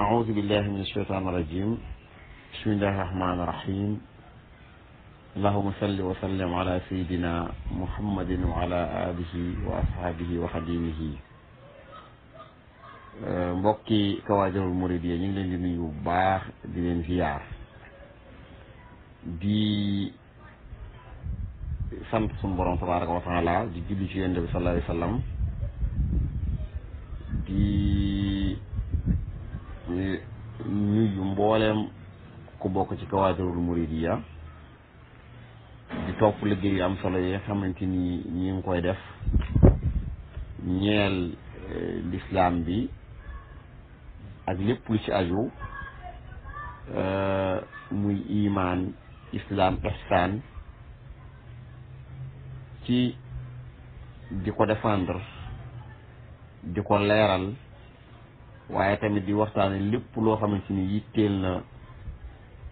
أعوذ بالله من الشيطان الرجيم بسم الله الرحمن الرحيم اللهم صل وسلم على سيدنا محمد وعلى آله وأصحابه وخديمه مبكي كواجر المريدين لن يميوا دين زيار دي سنت سنبرون تبارك وتعالى دي جلسي النبي صلى الله عليه وسلم دي ñu mboolem ku bokk ci kawaadirul muridiya di topp liggéey am solo yi nga xamante ni ñi ngi koy def ñeel eh, lislaam bi ak lépp lu ci aju eh, muy imaan islaam ihsaan ci di ko défendre di ko leeral waaye tamit di waxtaane lépp loo xamante ni yitteel na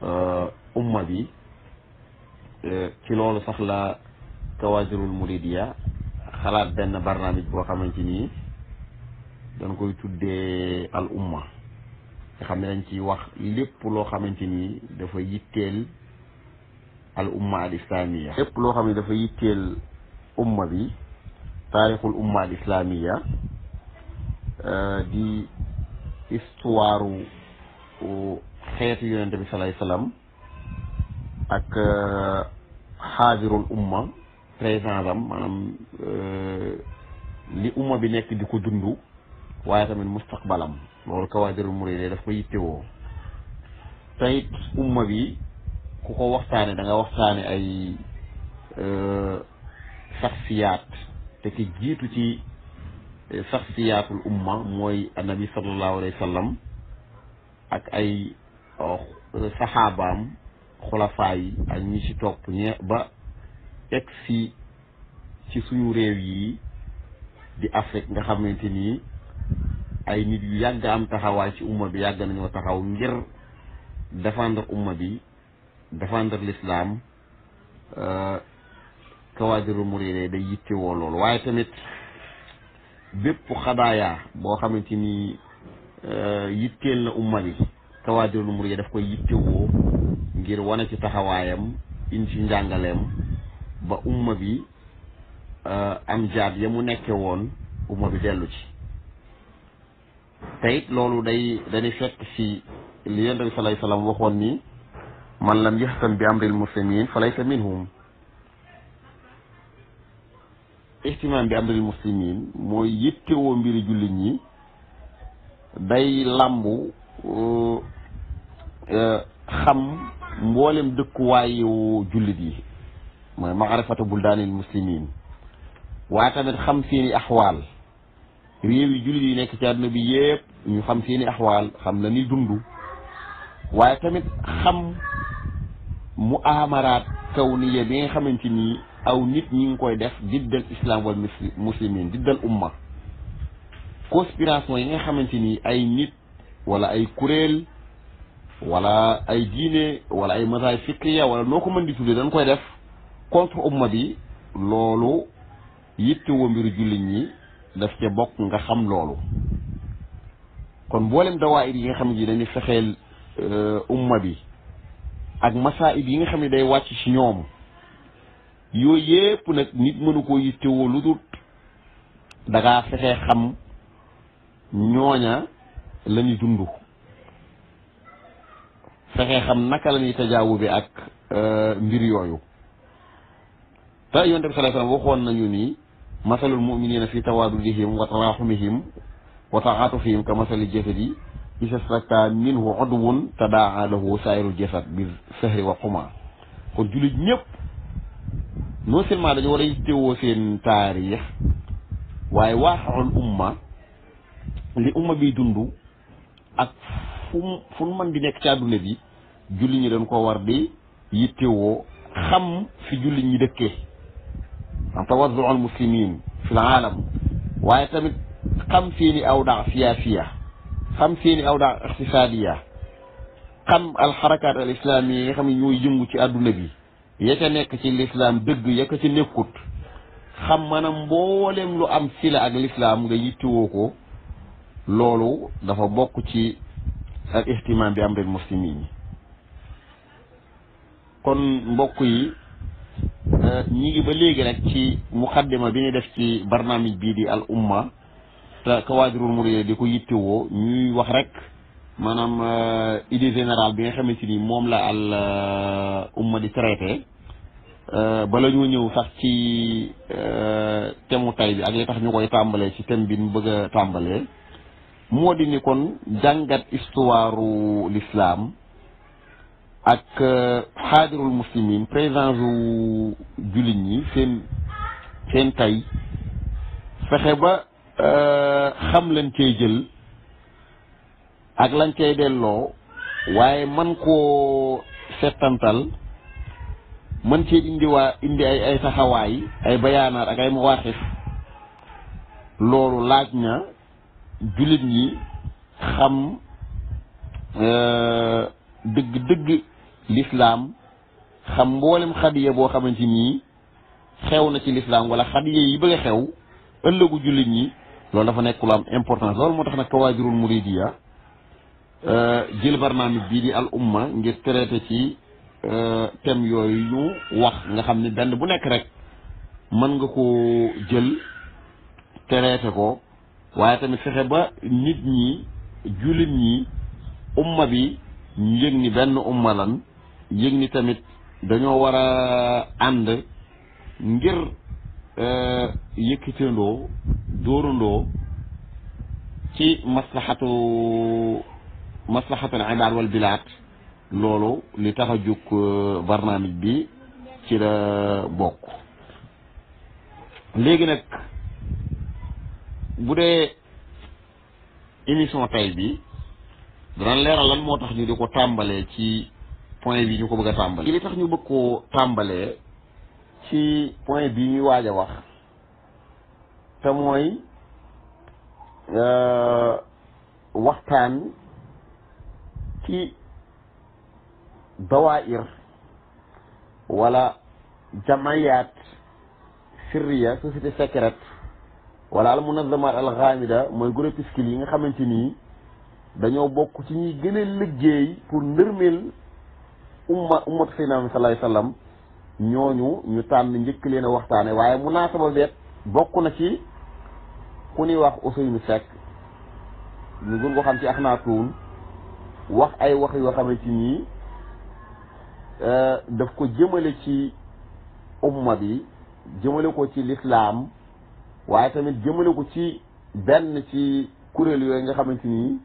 euh, umma bi euh, ci loolu sax la Kawaazirul Muridiya xalaat benn barnaamij boo xamante ni dañ koy tuddee al umma nga xam ne dañ ciy wax lépp loo xamante ni dafa yitteel al umma al islamiya lépp loo xam ne dafa yitteel umma bi taarixul umma al islamiya euh, di histoire xeetu yonente bi salaay salaam ak xaadirul euh, umma présence am maanaam euh, li umma bi nekk di ko dund waaye tamit mustaqbalam loolu kawaadirul muride daf ko yittewoo tayit umma bi ku ko waxtaane da waxtaane ay euh, saxsiyaat te ki jiitu ci saxsiyaatul umma mooy annabi sallallahu alayhi wa ak ay uh, saxaabaam xulafaa yi ak ñi ci topp ñe ba egg ci suñu réew yi di Afrique nga xamante ni ay nit yu yàgg am taxawaay ci umma bi yàgg nañoo taxaw ngir défendre umma bi défendre l'islam uh, kawaadirul muriid day yittewoo loolu waaye tamit bépp xadaaya boo xamante ni euh, yitteel na umma bi kawaadiral muriid daf koy yittewoo ngir wane ci taxawaayam in ci njàngaleem ba umma bi euh, am jaat ya mu nekkee woon umma bi dellu ci teyit loolu day dañuy fekk ci li yonent bi salaay salaam waxoon ni man lam yahtam bi amril muslimin falaysa minhum ihtimam bi amril muslimin mooy yittewoo mbiri jullit ñi day làmbu euh, euh, xam mboolem dëkkuwaayu jullit yi mooy maarifatu buldaanil muslimin waaye tamit xam seeni axwaal réew yi jullit yi nekk ci àdduna bi yëpp ñu xam seeni axwaal xam la ni dund waaye tamit xam mu amaraat kaw ni ye bi nga xamante ni aw nit ñi ngi koy def diddal islam wal muslimin diddal umma conspiration yi nga xamante ni ay nit wala ay kuréel wala ay diine wala ay masaay fikriya wala noo ko mën di tuddee dañ koy def contre umma bi loolu yittewoo mbiru jullit ñi daf ca bokk nga xam loolu kon mboolem dawaayir yi nga xam ne dañuy fexeel euh, umma bi ak masaayib yi nga xam ne day wàcc ci ñoom yooyu yépp nag nit mënu koo yittewoo lu dul dangaa fexe xam ñooña lañuy dundu fexe xam naka la ñuy tajaawu bi ak euh, mbir yooyu te yonent bi sallallahu alayhi waxoon nañu ni masalul muminina fi tawaadudihim wa taraaxumihim wa taatufihim ka masali jasadi isastaka minhu udwun tadaaha lahu saayirul jasad bi sahri wa xuma kon jullit ñëpp non seulement dañu war a yittewoo seen taarix waaye waaxool umma li umma bi dund ak fu mu fu mu di nekk ci àdduna bi julli ñi dañ ko war di yittewoo xam fi julli ñi dëkkee am al muslimin fi l waaye tamit xam seeni awdaa siyaasiya xam seeni awdaa iqtisaadiya xam al al islaamiya yi nga xam ne ñooy yëngu ci àdduna bi ya nekk ci lislaam dëgg ya ci nekkut xam maanaam mboolem lu am si la ak lislaam nga yittewoo ko loolu dafa bokk ci ak ihtimaam bi amril muslimin kon mbokk yi euh, ñi ngi ba léegi rek ci muqaddima bi ñu def ci barnaamij bii di al umma te Kawadirul Muriid di ko yittewoo ñuy wax rek maanaam euh, idée général bi nga xamante ni moom la al euh, umma di traité Euh, bala ñoo ñëw sax ci euh, temu tay bi ak li tax ñu koy tàmbalee ci thème bi mu bëgg a tàmbalee moo di ni kon jàngat histoire lislaam ak euh, xaadirul muslimin présence u jullit ñi seen seen tay fexe ba xam lañ cey jël ak lañ cey delloo waaye man koo settantal mën cee indi waa indi ay ay taxawaay ay bayaanaar ak ay mawaaxif loolu laaj na jullit yi xam euh, dëgg dëgg lislaam xam mboolem xadiya boo xamante nii xew na ci lislaam wala xadiya yi bëgg xew ëllëgu jullit ñi loolu dafa nekk lu am important loolu moo tax nag kawaajirul muridiya euh, jël barnaamij bii di al umma ngir traité ci Euh, thème yooyu ñu wax nga xam ni benn bu nekk rek mën nga ko jël tereete ko waaye tamit fexe ba nit ñi jullit ñi umma bi ñu yëg ni benn umma lan yëg ni tamit dañoo war a ànd ngir euh, yëkkitandoo dóorandoo ci maslaxatu maslaxatul ibaad wal bilaad loolu li tax a jóg euh, barnaamij bi ci la bokk léegi nag bu dee émission tay bi dana leeral moo tax ñu di ko tàmbalee ci point bi ñu ko bëgg a tàmbalee. ñu bëgg koo ci point bi ñuy waaj a wax te mooy euh, waxtaan ci dawaa'ir wala jamayaat sirriya société secrète wala al munazamaat al xaamida mooy groupuscule yi nga xamante nii dañoo bokk ci ñuy gën liggéey pour ndërmeel umma ummatu sayyidina sallallahu alayhi wasallam ñooñu ñu tànn njëkk leen a waxtaane waaye munaasaba beet bokk na ci ku ñuy wax Ousseynou Seck ñu gën ko xam ci Akhnatoun wax ay wax yoo xamante nii Euh, daf ko jëmale ci umma bi jëmale ko ci lislaam waaye tamit jëmale ko ci benn ci kuréel yooyu nga xamante ni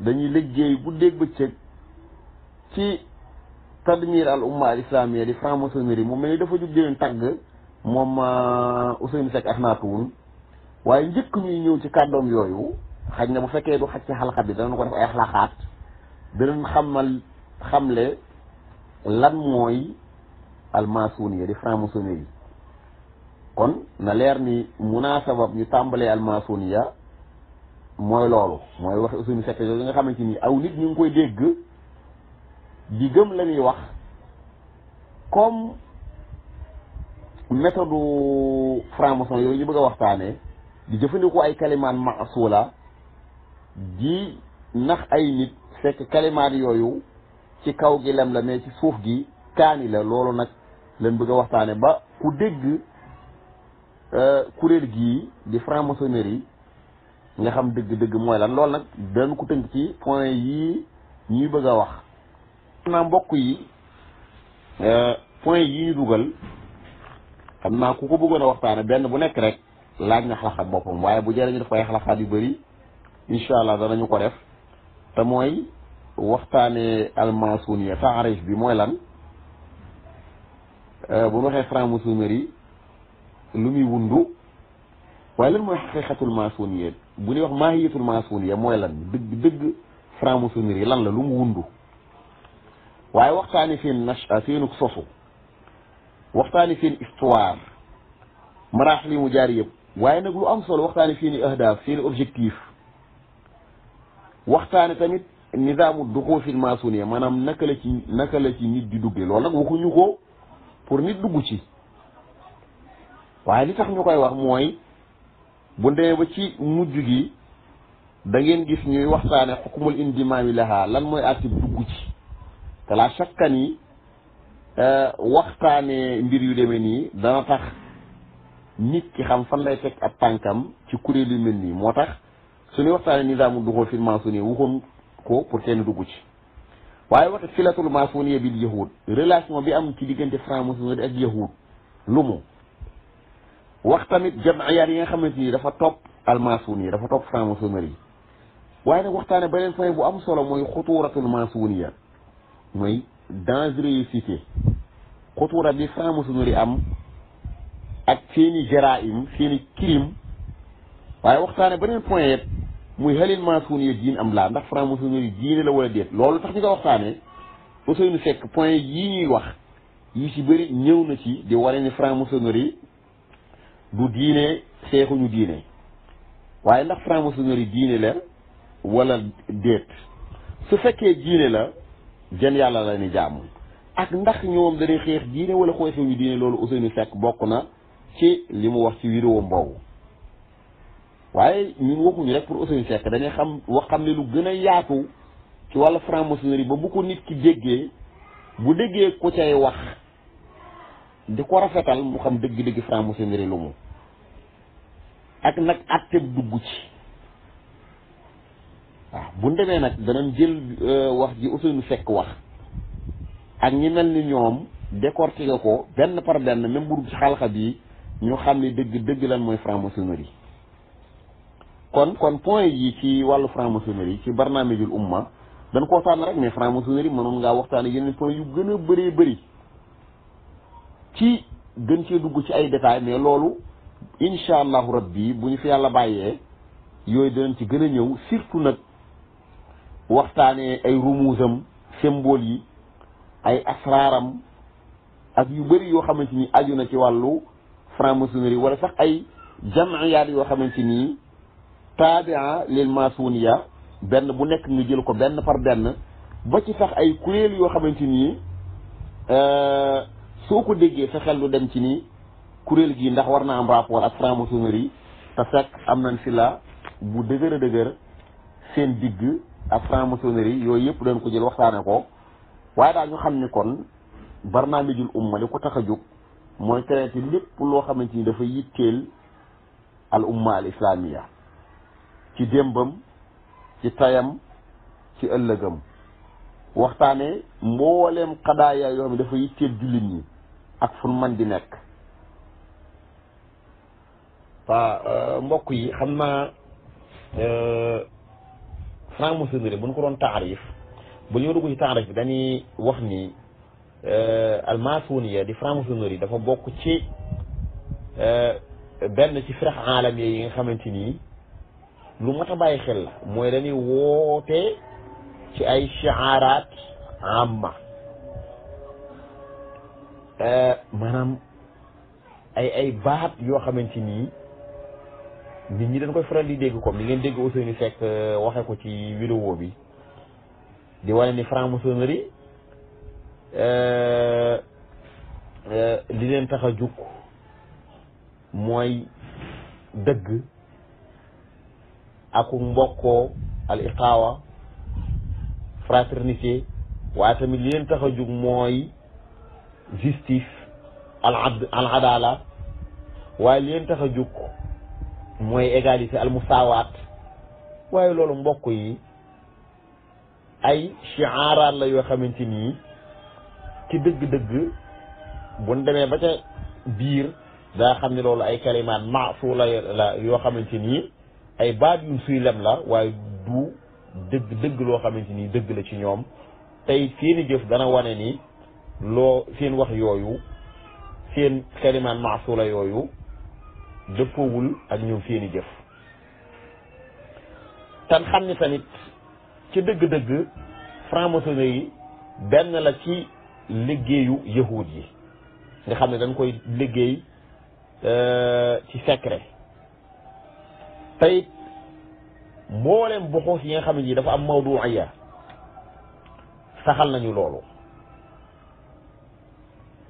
dañuy liggéey bu dégg bëccëg ci tadmir al umma al islamia di franc-maçonnerie mu mel ni dafa jug jëleen tàgg moom euh, Ousseynou Seck Akhnatoun waaye njëkk ñuy ñëw ci kàddoom yooyu xaj na bu fekkee du xaj ci xalxa bi danañ ko def ay xalaxaat danañ xamal xamle lan mooy almasuniya di franc-maçonnerie kon na leer ni munaasabab ñu tàmbalee almasuniya mooy loolu mooy wax suñu fekk yooyu nga xamante ni aw nit ñu ngi koy dégg di gëm lañuy wax comme méthode franc-maçon yooyu ñu bëgg a waxtaanee di jëfandikoo ay kalimaan maasula di nax ay nit fekk kalimaan yooyu ci kaw gi lem la mais ci suuf gi kaani la loolu nag leen bëgg a waxtaane ba ku dégg euh, kuréel gii di franc-maçonnerie nga xam dëgg-dëgg mooy lan lool nag dañ ko tënk ci point yii ñuy bëgg a wax xam mbokk yi euh, point yii ñu dugal xam naa ku ko bëggoon a waxtaane benn bu nekk rek laaj na xalaat boppam waaye bu jëlee ñu def ay yu bari incha allah danañu ko def te mooy waxtaanee almasuniya taarif bi mooy lan euh, bu ñu waxee franc-maçonnerie lu muy wundu waaye lan mooy xaqiqatul masuniya bu ñuy wax maahiyatul masuniya mooy lan dëgg dëgg franc-maçonnerie lan la lu mu wundu waaye waxtaani seen nasha euh, seenuk sosu waxtaani seen histoire maraaxil yi mu jaar yëpp waaye nag lu am solo waxtaani seen ahdaaf seen objectif waxtaani tamit nizaamu duxuufil maasuniya maanaam naka la ci naka la ci nit di duggee loolu nag waxuñu ko pour nit dugg ci waaye li tax ñu koy wax mooy bu ndee ba ci mujj gi da ngeen gis ñuy waxtaane xukumul indimaami laha lan mooy attib dugg ci te la shakkan yi euh, waxtaane mbir yu demee nii dana tax nit ki xam fan lay teg ab tànkam ci kuréel yu mel nii moo tax suñuy waxtaane nizaamu duxuufil maasuniya waxoon ko pour teel a dugg ci waaye waxtu filatul maçonniya bi yahud relation bi am ci diggante franc-maçonnerie ak yahud lu mu wax tamit jamayaat yi nga xamante ni dafa topp almaçonniya dafa topp franc-maçonnerie waaye nag waxtaane beneen point bu am solo mooy xutuuratul maçonniya mooy dangerosité xutuura bi franc-maçonnerie am ak seeni jaraim seeni crime waaye waxtaane beneen point yëpp muy halil maasuuniya diin am laa ndax franc-maçonnerie diine la wala déet loolu tax ñu ko waxtaanee Ousseynou Seck point yii ñuy wax yu ci bëri ñëw na ci di ware ni franc-maçonnerie du diine seexuñu diine waaye ndax franc-maçonnerie diine la wala déet su fekkee diine la jën yàlla la ni jaamu ak ndax ñoom dañuy xeex diine wala xooy xew ñu diine loolu Ousseynou Seck bokk na ci li mu wax ci vidéo boobu waaye ñun waxuñu rek pour Ousseynou Seck dañuy xam wax xam ne lu gën a yaatu ci wàllu franc-maçonnerie ba bu ko nit ki déggee bu déggee ko cay wax di ko rafetal mu xam dëgg dégg franc-maçonnerie lu mu ak nag àtte dugg ci waaw bu demee nag danañ jël euh, wax ji Ousseynou Seck wax ak ñi mel ni ñoom décortiquer ko benn par benn même bu dul ci xalxa bi ñu xam ne dëgg dëgg lan mooy franc-maçonnerie kon kon point yi ci wàllu franc-maçonnerie yi ci barnaamijul umma dañ koo waxtaan rek ne mais franc-maçonnerie mënoon ngaa waxtaane yeneen point yu gën a bëree bëri ci gën cee dugg ci ay détails mais loolu incha allahu rabbi bu ñu fi yàlla bàyyee yooyu dinañ ci gën a ñëw surtout nag waxtaanee ay rumuusam symbole yi ay asraaram ak yu bëri yoo xamante ni aju na ci wàllu franc-maçonnerie wala sax ay jamiyaat yoo xamante nii taabia lil masuniya benn bu nekk ñu jël ko benn par benn ba ci sax ay kuréel yoo xamante nii euh, soo ko déggee sa xel lu dem ci nii kuréel gi ndax war naa am rapport ak franc-maçonnerie te fekk am nañ fi la bu dëgër a dëgër seen digg ak franc-maçonnerie yooyu yëpp dañ ko jël waxtaane ko waaye daal ñu xam ni kon barnaamijul umma li ko tax a jóg mooy traité lépp loo xamante ni dafa yitteel al umma al islamiya ci démbam ci tayam ci ëllëgam waxtaane mbooleem xadaaya yoo xam ne dafa yitteel jullit ñi ak fu man di nekk waa euh, mbokk yi xam naa euh, Franck Moussa bu ñu ko doon taarif bu ñu dugg ci taarif bi dañuy wax ni euh, almasuniya di Franck Moussa Ndoye dafa bokk ci benn ci firax aalam yi nga xamante nii lu mat bàyyi xel la mooy dañuy woote ci ay shaaraat amma euh, maanaam ay ay baat yoo xamante nii nit ñi dañ koy faral di dégg comme li ngeen dégg Ousseynou Seck euh, waxe ko ci vidéo bi di wane ni franc-maçonnerie euh, li leen tax a jug mooy dëgg aku mbokkoo al iqaawa fraternité waaye tamit li leen tax a jug mooy justice al ad al adala waaye li leen tax a jug mooy égalité al musaawaat waaye loolu mbokk yi ay chiaraat la yoo xamante nii ci dëgg-dëgg buñ demee ba ca biir daa xam ne loolu ay kalimaat maasu yoo xamante nii ay baat yu fii lem la waaye du dëgg dëgg loo xamante ni dëgg la ci ñoom tey seeni jëf dana wane ni loo seen wax yooyu seen kalimaan maasula yooyu dëppoowul ak ñoom seeni jëf tan xam ni tamit ci dëgg-dëgg franc-maçonnerie yi benn la ci liggéeyu yahuud yi nga xam ne dañ koy liggéey euh, ci secret tey mboolem buxuus yi nga xam ne dafa am mawduiya saxal nañu loolu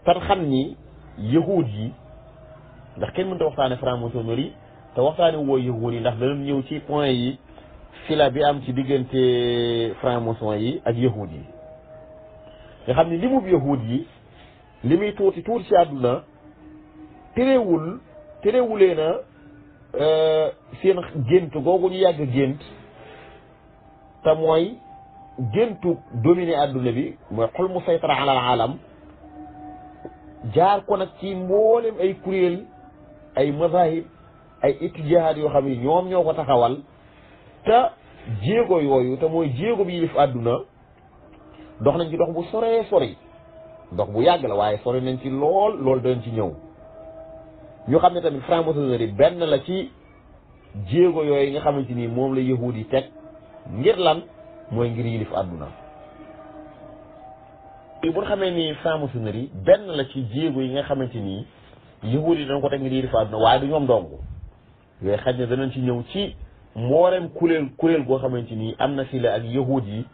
tan xam ni yahuud yi ndax kenn mënta waxtaane franc-maçonnerie te waxtaane woo yahuud yi ndax danañ ñëw ci point yi fila bi am ci diggante franc-maçon yi ak yahuud yi nga xam ni limub yahuud yi li muy tuuti tuuti ci àdduna terewul terewulee seen gént googu ñu yàgg gént te mooy géntu dominer adduna bi mooy xol mu saytara ala al alam jaar ko nag ci mboolem ay kuréel ay mazahib ay itijahaat yoo xam ne ñoom ñoo ko taxawal te jéego yooyu te mooy jéego bi yilif àdduna dox nañ ci dox bu sore sori dox bu yàgg la waaye sori nañ ci lool lool dañ ci ñëw ñu xam ne tamit franc-maçonnerie benn la ci jéego yooyu nga xamante ni moom la yahuud yi teg ngir lan mooy ngir yilif àdduna bu ñu xamee ni franc-maçonnerie benn la ci jéego yi nga xamante ni yahuud yi dañ ko teg ngir yilif àdduna waaye du ñoom dong yooyu xaj na danañ ci ñëw ci mboolem kuréel kuréel goo xamante nii am na si la ak yahuud yi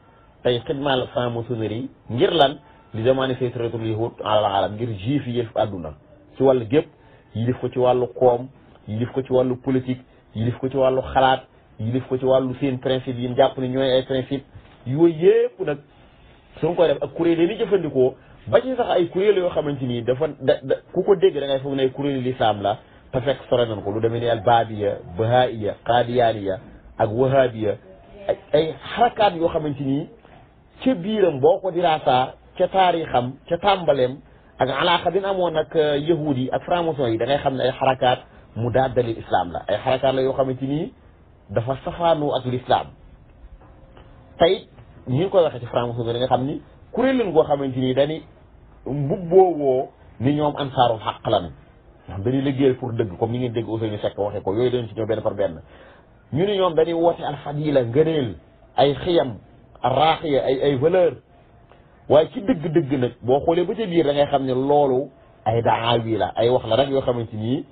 tey xidmaal franc-maçonnerie ngir lan li demande fay traité yahud alal alam ngir juif yi yilif àdduna ci wàllu gépp yilif ko ci wàllu koom yilif ko ci wàllu politik yilif ko ci wàllu xalaat yilif ko ci wàllu seen principe yi jàpp ne ñooy ay principe yooyu yépp nag su nga koy def ak kuréel yi ni jëfandikoo ba ay kuréel yoo xamante ni dafa da da ku ko dégg da ngay foog ne kuréel lislaam la te fekk sore nañ ko lu demee ne al baabiya bahaiya qadiyaaniya ak wahabiya ay ay xarakaat yoo xamante ni ca biiram boo ko diraasaa ca taarixam ca tàmbaleem ak alaaka bi amoon ak yahudi ak franc-maçon yi da ngay xamne ay harakat mu daadali islam la ay harakat la yo xamanteni dafa safanu ak l'islam tay ñu ko waxe ci franc-maçon da nga xamni ni kuréel lañ goo xamante ni dañuy mbubboowoo ni ñom ansaarul haqq lan ndax dañu liggéey pour deug comme ni ngeen deug dégg Ousseynou Seck waxe ko yoy dañu ci ñëw ben par ben ñu ni ñom dañu woté al fadila ngeenel ay xiyam raaxiya ay ay valeur waaye ci dëgg-dëgg nag boo xoolee ba ca biir dangay xam ne loolu ay daawi la ay wax la rek yoo xamante nii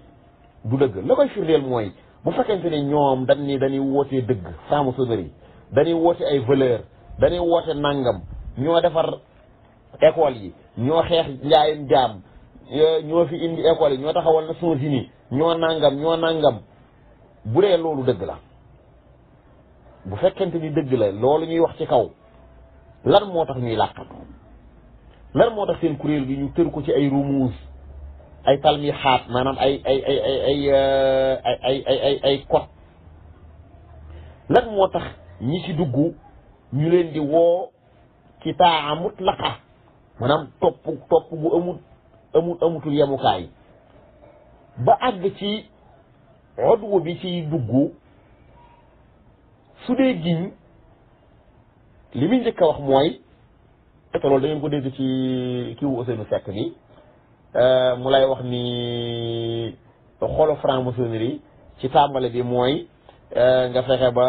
du dëgg la koy firndeel mooy bu fekkente ne ñoom dam ni dañuy wootee dëgg saamu sonnerie dañuy woote ay valeur dañuy woote nangam ñoo defar école yi ñoo xeex njaayum jaam eh, ñoo fi indi école yi ñoo taxawal si nii ñoo nàngam ñoo nangam bu lee loolu dëgg la bu fekkente ni dëgg la loolu ñuy wax ci kaw lan moo tax ñuy làqatu lan moo tax seen kuréel gi ñu tër ko ci ay rumuus ay talmi xaat maanaam ay ay ay ay ay ay ay kot lan moo tax ñi ci dugg ñu leen di woo ci taa mutlaqa maanaam topp topp bu amul amul amutul yemukaay ba àgg ci odwu bi ciy dugg su dee giñ li muy njëkk a wax mooy te loolu da ko dégg ci kii wu Ousseynou Seck bi euh, mu lay wax ni xolu franc-maçonnerie ci tàmbale bi mooy euh, nga fexe ba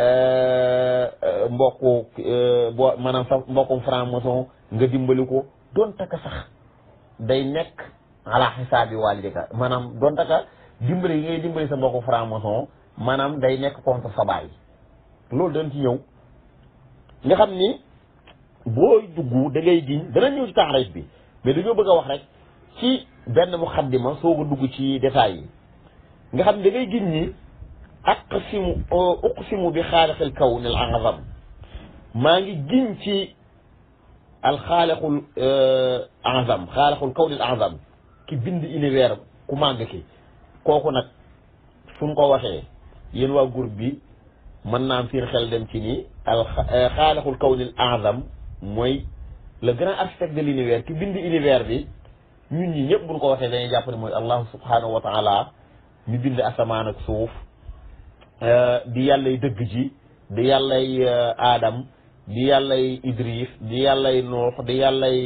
euh, mbokku bo maanaam sa mbokkum franc-maçon nga dimbali ko doon taka sax day nekk ala xisaabi waalidika maanaam doon taka dimbali yi ngay dimbali sa mbokku franc-maçon maanaam day nekk contre sa baay loolu dañ ci ñëw. nga xam ni booy dugg da ngay giñ dana ñëw ci taxariif bi mais dañoo bëgg a wax rek ci benn muqaddima soog a dugg ci détails yi nga xam ni da ngay giñ ni aqsimu uqsimu bi xaaliqil kawn al azam maa ngi giñ ci al xaaliqul eh, azam xaaliqul kaw al azam ki bind univers ku màgg ki kooku nag suñ ko waxee yéen waa groupe bi mën naa am seen xel dem ci ni al xaalixul kawnil azam mooy le grand architecte de l'univers ki bind univers bi ñun ñi ñëpp buñ ko waxee dañuy jàpp ne mooy allahu subhanahu wa taala mi bind asamaan ak suuf di yàllay dëgg ji di yàllay aadam di yàllay idris di yàllay nuux di yàllay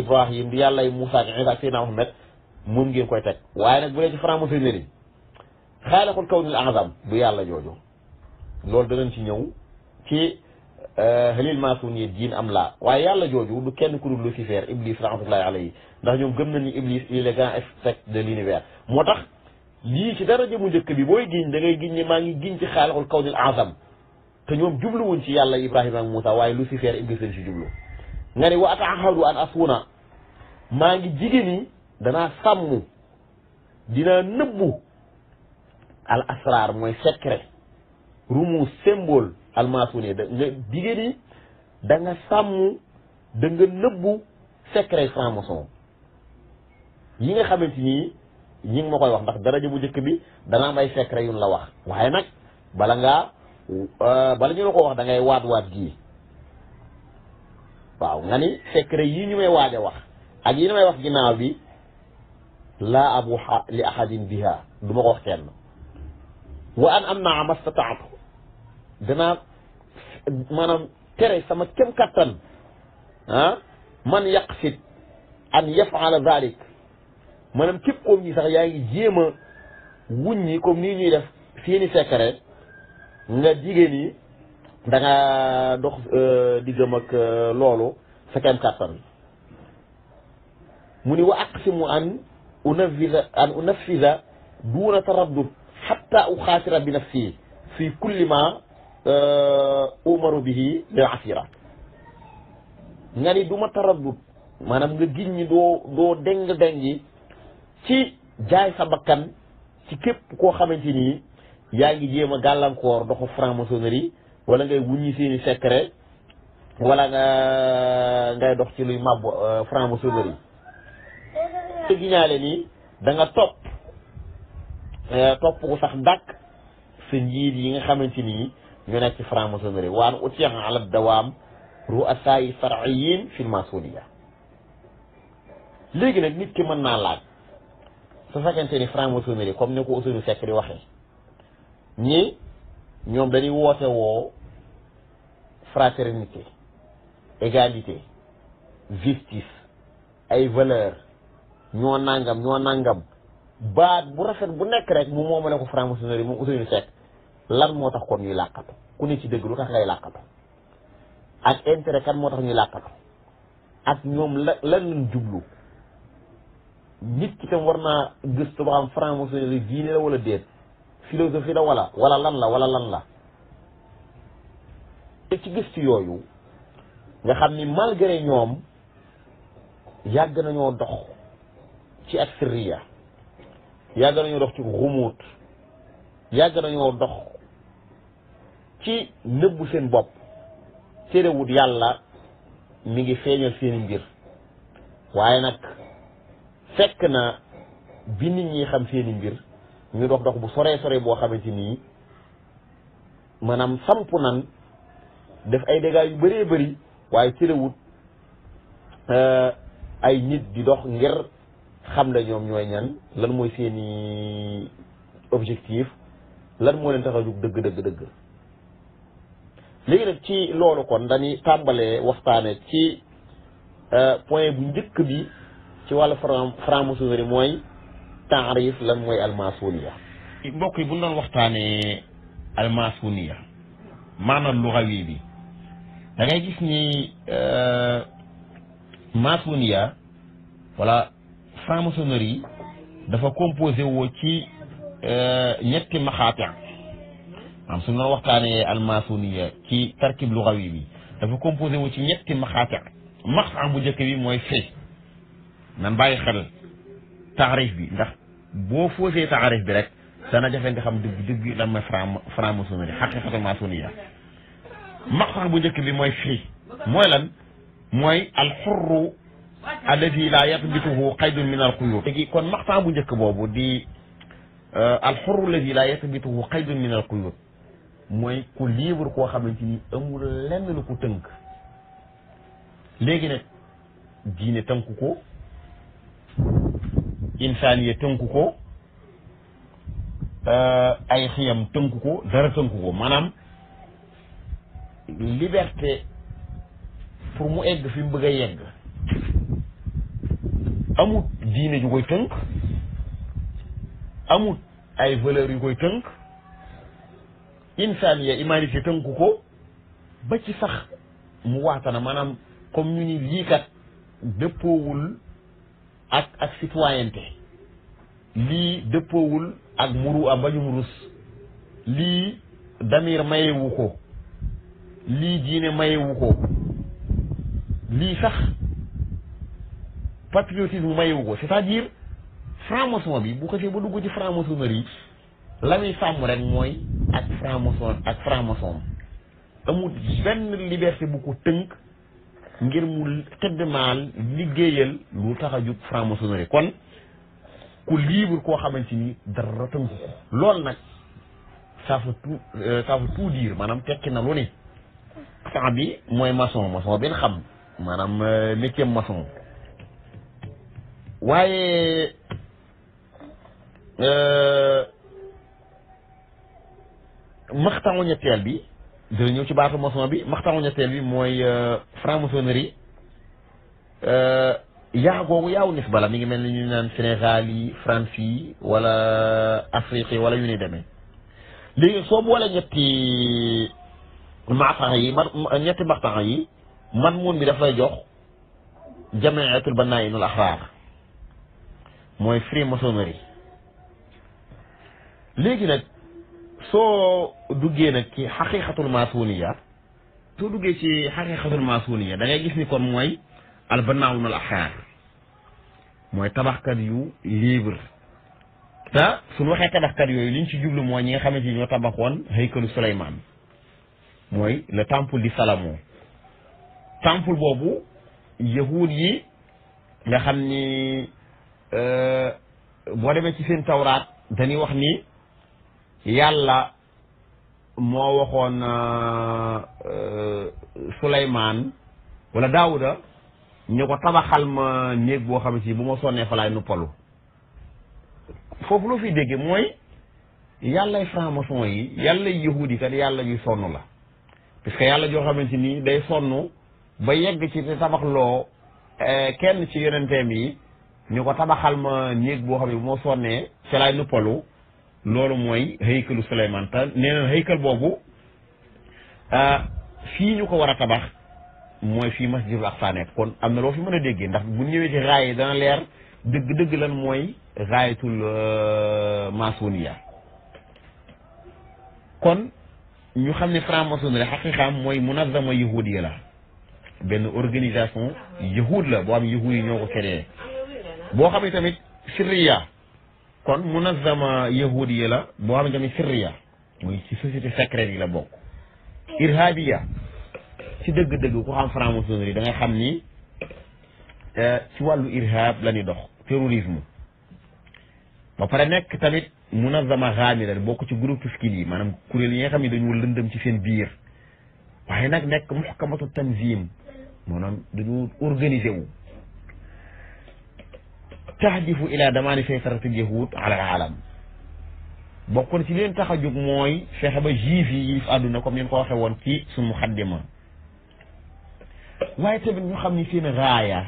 ibrahim di yàllay moussa ak isa sina ahmed moom ngeen koy teg waaye nag bu dee ci franc-maçonnerie xaalixul kawnil azam du yàlla jooju loolu danañ ci ñëw ci xalil euh, maasuun yi diin am laa waaye yàlla jooju du kenn ku dul Lucifer Iblis rahmatullahi yi ndax ñoom gëm nañu Iblis il est grand de l'univers moo tax lii ci dara mu njëkk bi booy giñ da ngay giñ ne maa ngi giñ ci xaalixul kawnil azam te ñoom jubluwuñ ci yàlla Ibrahima ak Moussa waaye Lucifer Iblis lañ si jublu nga ne wa atahadu an asuna maa ngi jigéen ñi danaa sàmm dinaa nëbbu al asrar mooy secret rumu symbole almasuni da nga jigéen yi da sàmm da nga nëbbu sekre franc-maçon yi nga xamante ni ñi ngi ma koy wax ndax daraja bu njëkk bi danaa am ay secret yun la wax waaye nag bala ngaa euh, bala ñu la ko wax dangay waat waat gii waaw nga ni secret yii ñu may waaj wax ak yi ñu may wax ginnaaw bi laa abu li ahadin biha du ma ko wax kenn wa an am naa mastataatu danaa maanaam tere sama kem kattan ah man yaqsid an yafala dalik maanaam képp koom ñi sax yaa ngi jéem a wuññi comme nii ñuy def seeni secret nga jigéen yi da nga dox euh, diggam ak euh, loolu sa kem kattan mu ni wa aqsimu an unafida an unafida duuna taraddud xatta uxaasira bi nafsi fi kulli umaru bi lil asira nga ni du ma taraddut maanaam nga giñ ñi doo doo déng ci jaay sa bakkan ci képp koo xamante nii yaa ngi jéem a gàllankoor doxu franc-maçonnerie wala ngay wuññi seeni secret wala nga ngay dox ci luy màbb euh, franc-maçonnerie te giñaale nii da topp euh, topp ko sax dàkk sa njiit yi nga xamante nii ñu nekk ci franc-maçonnerie waan utiya ala dawaam ru'asaay far'iyin fil maçonniya léegi nag nit ki mën naa laaj su fekkente ni franc-maçonnerie comme ni ko Ousseynou Seck di waxee ñi ñoom dañuy woote woo fraternité égalité justice ay valeur ñoo nangam ñoo nangam baat bu rafet bu nekk rek mu moomale ko franc mu moom Ousseynou Seck lan moo tax kon ñuy làqatu ku ne ci dëgg lu tax ngay làqatu ak intérêt kan moo tax ñuy làqatu ak ñoom la lan jublu nit ki tam war naa gëstu ba xam franc-maçonnerie diine la wala déet philosophie la wala wala lan la wala lan la te ci gëstu yooyu nga xam ni malgré ñoom yàgg nañoo dox ci ak sirriya yàgg nañoo dox ci xumuut yàgg nañoo dox ci nëbbu seen bopp terewut yàlla mi ngi feeñal seeni mbir waaye nag fekk na bi nit ñi xam seeni mbir ñu dox dox bu sore sore boo xamante nii maanaam samp nan def ay dégâts yu bëree bëri waaye terewut eh, ay nit di dox ngir xam na ñoom ñooy ñan lan mooy seeni objectif lan moo leen tax a jóg dëgg dëgg dëgg léegi nag ci loolu kon dañuy tàmbalee waxtaane ci euh, point bu njëkk bi ci wàllu franc-maçonnerie mooy taarif lan mooy almasoniya mbokk yi bu waxtaanee doon waxtaanee almasoniya maanaam luxawi bi da ngay gis ni euh, masoniya wala franc-maçonnerie dafa composé woo ci euh, ñetti maxaati am suñu waxtane al almasuniya ci tarkib lugawi bi dafa composé wu ci ñetti maxaate maxa bu jëk bi moy fi nan bàyyi xel ta'rif bi ndax bo foosee ta'rif bi rek dana jafe nga xam dëgg dëgg fram fram suñu di haqiqa al masuniya maxa bu jëk bi moy fi moy lan moy al hurr الذي لا يثبته قيد من القيود léegi كون maxtaan بو نك بوبو دي الحر الذي لا يثبته قيد من القيود mooy ku libre koo xamante ni amul lenn lu ko tënk léegi nag diine tënku ko insaaniya tënku ko euh, ay xiyam tënku ko dara tënku ko maanaam liberté pour mu egg fi mu bëgg a yegg amut diine ju koy tënk amut ay valeurs yu koy tënk insaniya humanité tënku ko ba ci sax mu waxta na maanaam comme ñu ni lii dëppoowul ak ak citoyenneté lii dëppoowul ak muru a mbañum rus lii damir mayewu ko lii diine mayewu ko lii sax patriotisme mayewu ko c'est-à-dire franc bi bu ko see ba dugg ci franc-maçonnerie la muy sàmm rek mooy ak franc-maçon ak benn liberté bu ko tënk ngir mu tëddmaal liggéeyal lu tax a jug franc-maçonnerie kon ku libre koo xamante ni dara tënk ko loolu nag ça veut tout euh, ça veut tout dire maanaam tekki na lu ne sax bi mooy maçon maçon bi xam maanaam euh, métier maçon waaye euh, maxtamu ñetteel bi dina ñëw ci baatu mason bi maxtamu ñetteel bi mooy euh, franc-maçonnerie euh, yaa googu yaaw nis bala mi ngi mel ni ñu naan Sénégal yi France yi wala Afrique yi wala yu ni demee léegi soo boole ñetti maxtax yi man ñetti maxtax yi man mun bi daf lay jox mooy franc-maçonnerie léegi nag soo duggee nag ci xaqiqatul maasuniya soo duggee ci xaqiqatul maasuniya da ngay gis ni kon mooy albanaawun al axaar mooy tabaxkat yu libre te suñu waxee tabaxkat yooyu liñ ci jublu mooy ñi nga xamante ni ñoo tabaxoon haykalu Suleymaan mooy le temple di Salomon temple boobu yahuud yi nga xam ni euh, boo demee ci seen tawraat dañuy wax ni yàlla moo waxoon euh, euh, Souleymane wala Daawuda ñu ko tabaxal ma néeg boo xam ne si bu ma sonnee fa laay nuppalu foofu loo fi dégge mooy yàllay franc-maçon yi yàllay yahuud yi kat yàlla yuy sonn la parce que yàlla joo xamante ni day sonn ba yegg ci te tabax loo euh, kenn ci yonenteem yi ñu ko tabaxal ma néeg boo xam ne bu ma sonnee ca laay nuppalu loolu mooy haykalu Souleymane te nee na haykal boobu ah, fii ñu ko war a tabax mooy fii masjidul aqsa nekk kon am na loo fi mën a déggee ndax bu ñëwee ci raay dana leer dëgg-dëgg lan mooy raayatul euh, maçonniya kon ñu xam ni ne franc-maçonnerie xaqiqaam mooy munazama yahudiya la benn organisation yahud la boo am yahud yi ñoo ko créé boo xam ne tamit sirriya kon munazama yahudiya la boo xam ne tamit sirriya mooy ci société secrète yi la bokk irhabiya ci dëgg-dëgg ku xam franc-maçonnerie da xam ni euh, ci wàllu irhab la dox terrorisme ba pare nekk tamit munazama xaamira bokk ci groupe skill yi maanaam kuréel yi nga xam ne dañoo lëndëm ci seen biir waaye nag nekk muxkamatu tanzim maanaam dañoo organiser wu تهدف الى دمان سيطرة اليهود على العالم بكون سي لين تخاجوك موي فخه با جيفي يلف ادونا كوم نين كو واخا وون كي سون مقدمه واي تيب نيو خامني سين رايا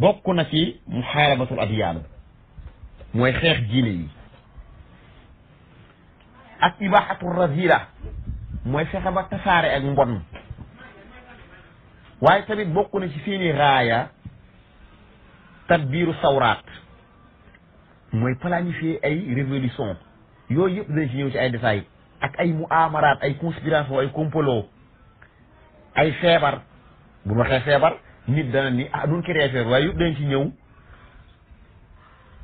بوكو نا سي محاربه الاديان موي خيخ جيني اك اباحه الرذيله موي فخه با تفاري اك مبون واي تيب بوكو نا سي سين رايا tadbiiru sawraat mooy planifier ay révolution yooyu yëpp dinañ ci ñëw ci ay détails ak ay muamaraat ay conspiration ay complot ay feebar bu ñu waxee feebar nit dana ni ah duñ créé feebar waaye yëpp dinañ ci ñëw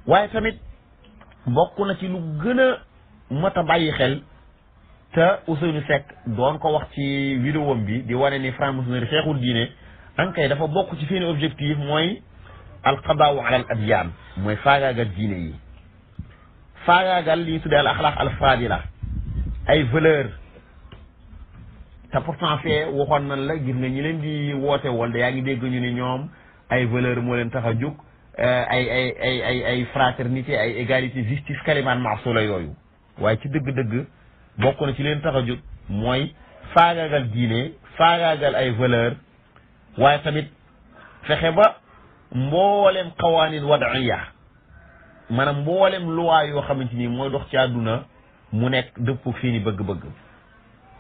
waaye tamit bokk na ci lu gën a mat a bàyyi xel te Ousseynou Seck doon ko wax ci vidéo bi di wane ni franc-maçonnerie xeexul diine ankay dafa bokk ci seen objectif mooy alqadaawu ala al adyaan mooy faagaagal diine yi faagaagal li ñu tuddee al axlaaq al faadila ay valeur te pourtant fee waxoon nan la gis nga ñi leen di woote woon de yaa ngi dégg ñu ni ñoom ay valeur moo leen tax a jug euh, ay ay ay ay ay fraternité ay égalité justice kalimaan maasula yooyu waaye ci dëgg-dëgg bokk na ci leen tax a jóg mooy faagaagal diine faagaagal ay valeur waaye tamit fexe ba mboolem xawaanin wadaia maanaam mboolem luwaa yoo xamante ni mooy dox ci àdduna mu nekk dëpp seeni bëgg-bëgg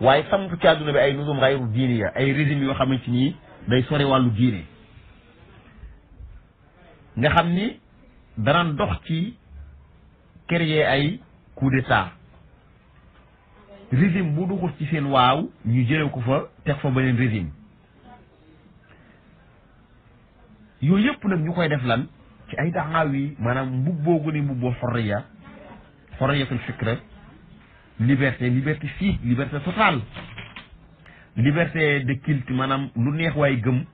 waaye samp ci àdduna bi ay nuzum xayru diini ya ay régime yoo xamante ni day sori wàllu diine nga xam ni danaan dox ci créer ay coup d'état régime bu duxul ci seen waaw ñu jële ko fa teg fa beneen régime yooyu yëpp nag ñu koy def lan ci ay daxaaw yi maanaam mbubboogu ni mbubboo xorriya xorriyatul fikra liberté liberté fii liberté totale liberté de culte maanaam lu neex waay gëm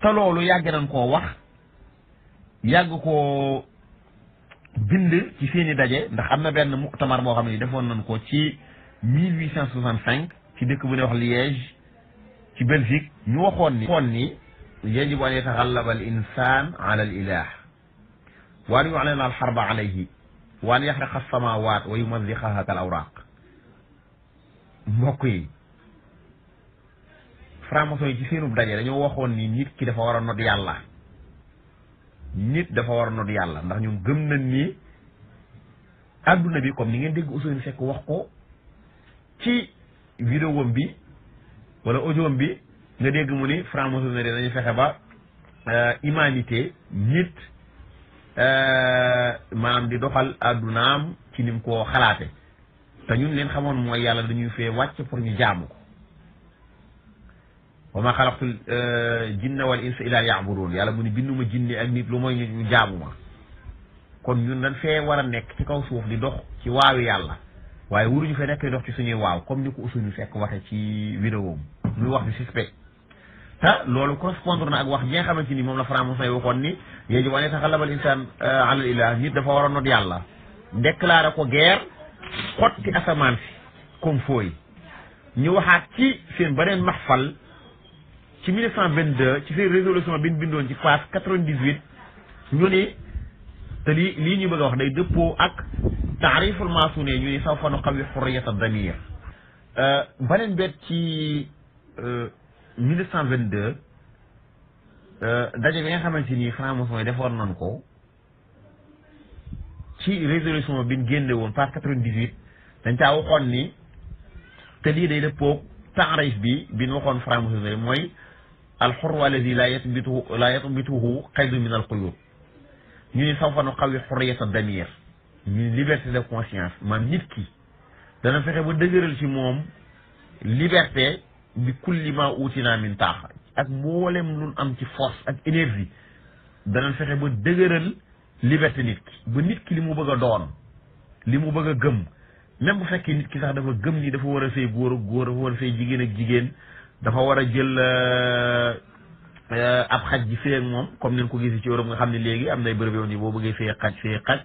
te loolu yàgg nañ koo wax yàgg koo bind ci seeni daje ndax am na benn muktamar boo xam ne defoon nañ ko ci mille huit cent soixante-cinq ci dëkk bu ne wax Liège ci Belgique ñu waxoon ni waxoon ni يجب أن يتغلب الإنسان على الإله وأن يعلن الحرب عليه وأن يحرق السماوات ويمزقها كالأوراق موكي فرامو سوي جي سينو بداجي دا نيو واخون ني نيت كي دا فا وارو نود يالا نيت دا فا وارو نود يالا نداخ نيو گم نان ني ادونا بي كوم ني نين ديغ اوسوين سيك واخكو تي فيديو وام بي ولا اوديو بي nga dégg mu ni franc-maçonnerie dañu fexe ba euh, humanité nit euh, maanaam di doxal àddunaam ci nim koo xalaate te ñun leen xamoon mooy yàlla dañuy fee wàcc pour ñu jaamu ko wa ma xalaqtul euh, jinna wal insa illa yaabuduun yàlla mu ni binduma jinne ak nit lu mooy ñu jaamu ma kon ñun dañ fee war a nekk ci kaw suuf di dox ci waawi yàlla waaye ñu fee nekk di dox ci suñuy waaw comme ni ko usuñu fekk waxe ci vidéo muy wax bi suspect te loolu correspondre na ak wax ji nga xamante ni moom la franc-maçon yi waxoon ni yajibu an a al insaan eh, ala ilah nit dafa war a not yàlla déclaré ko guerre xotti asamaan si comme fooy ñu waxaat ci seen beneen maxfal ci 1922 ci seen résolution bi ñu bindoon ci phase 98 ñu ni te lii lii ñu bëgg a wax day dëppoo ak taariful maasune ñu ni saw fa nu xawi xurriyata damir eh, beneen bet ci eh, 1922 euh, daje bi nga xamante ni franc-maçon defoon nañ ko ci résolution bi ñu génne woon par 98 dañ caa waxoon ni te lii day dëppoog taarif bi bi ñu waxoon franc-maçon yi mooy alxurwa alladi laa yatbitu laa yatbituhu xaydu min alquyud ñu ni saw fa nu xaw yi xurriyata damir ñu liberté de conscience maam nit ki dana fexe ba dëgëral ci moom liberté bi kulli ma naa min taaxa ak mboolem lu am ci force ak énergie danañ fexe ba dëgëral liberté nit ki ba nit ki li mu bëgg a doon li mu bëgg a gëm même bu fekkee nit ki sax dafa gëm ni dafa war a fay góor ak góor dafa war a fay jigéen ak jigéen dafa war a jël euh, euh, ab xaj ji fee comme ko gisee ci Europe nga xam ne léegi am nay bërëb yoo ni boo bëggee fee xaj fee xaj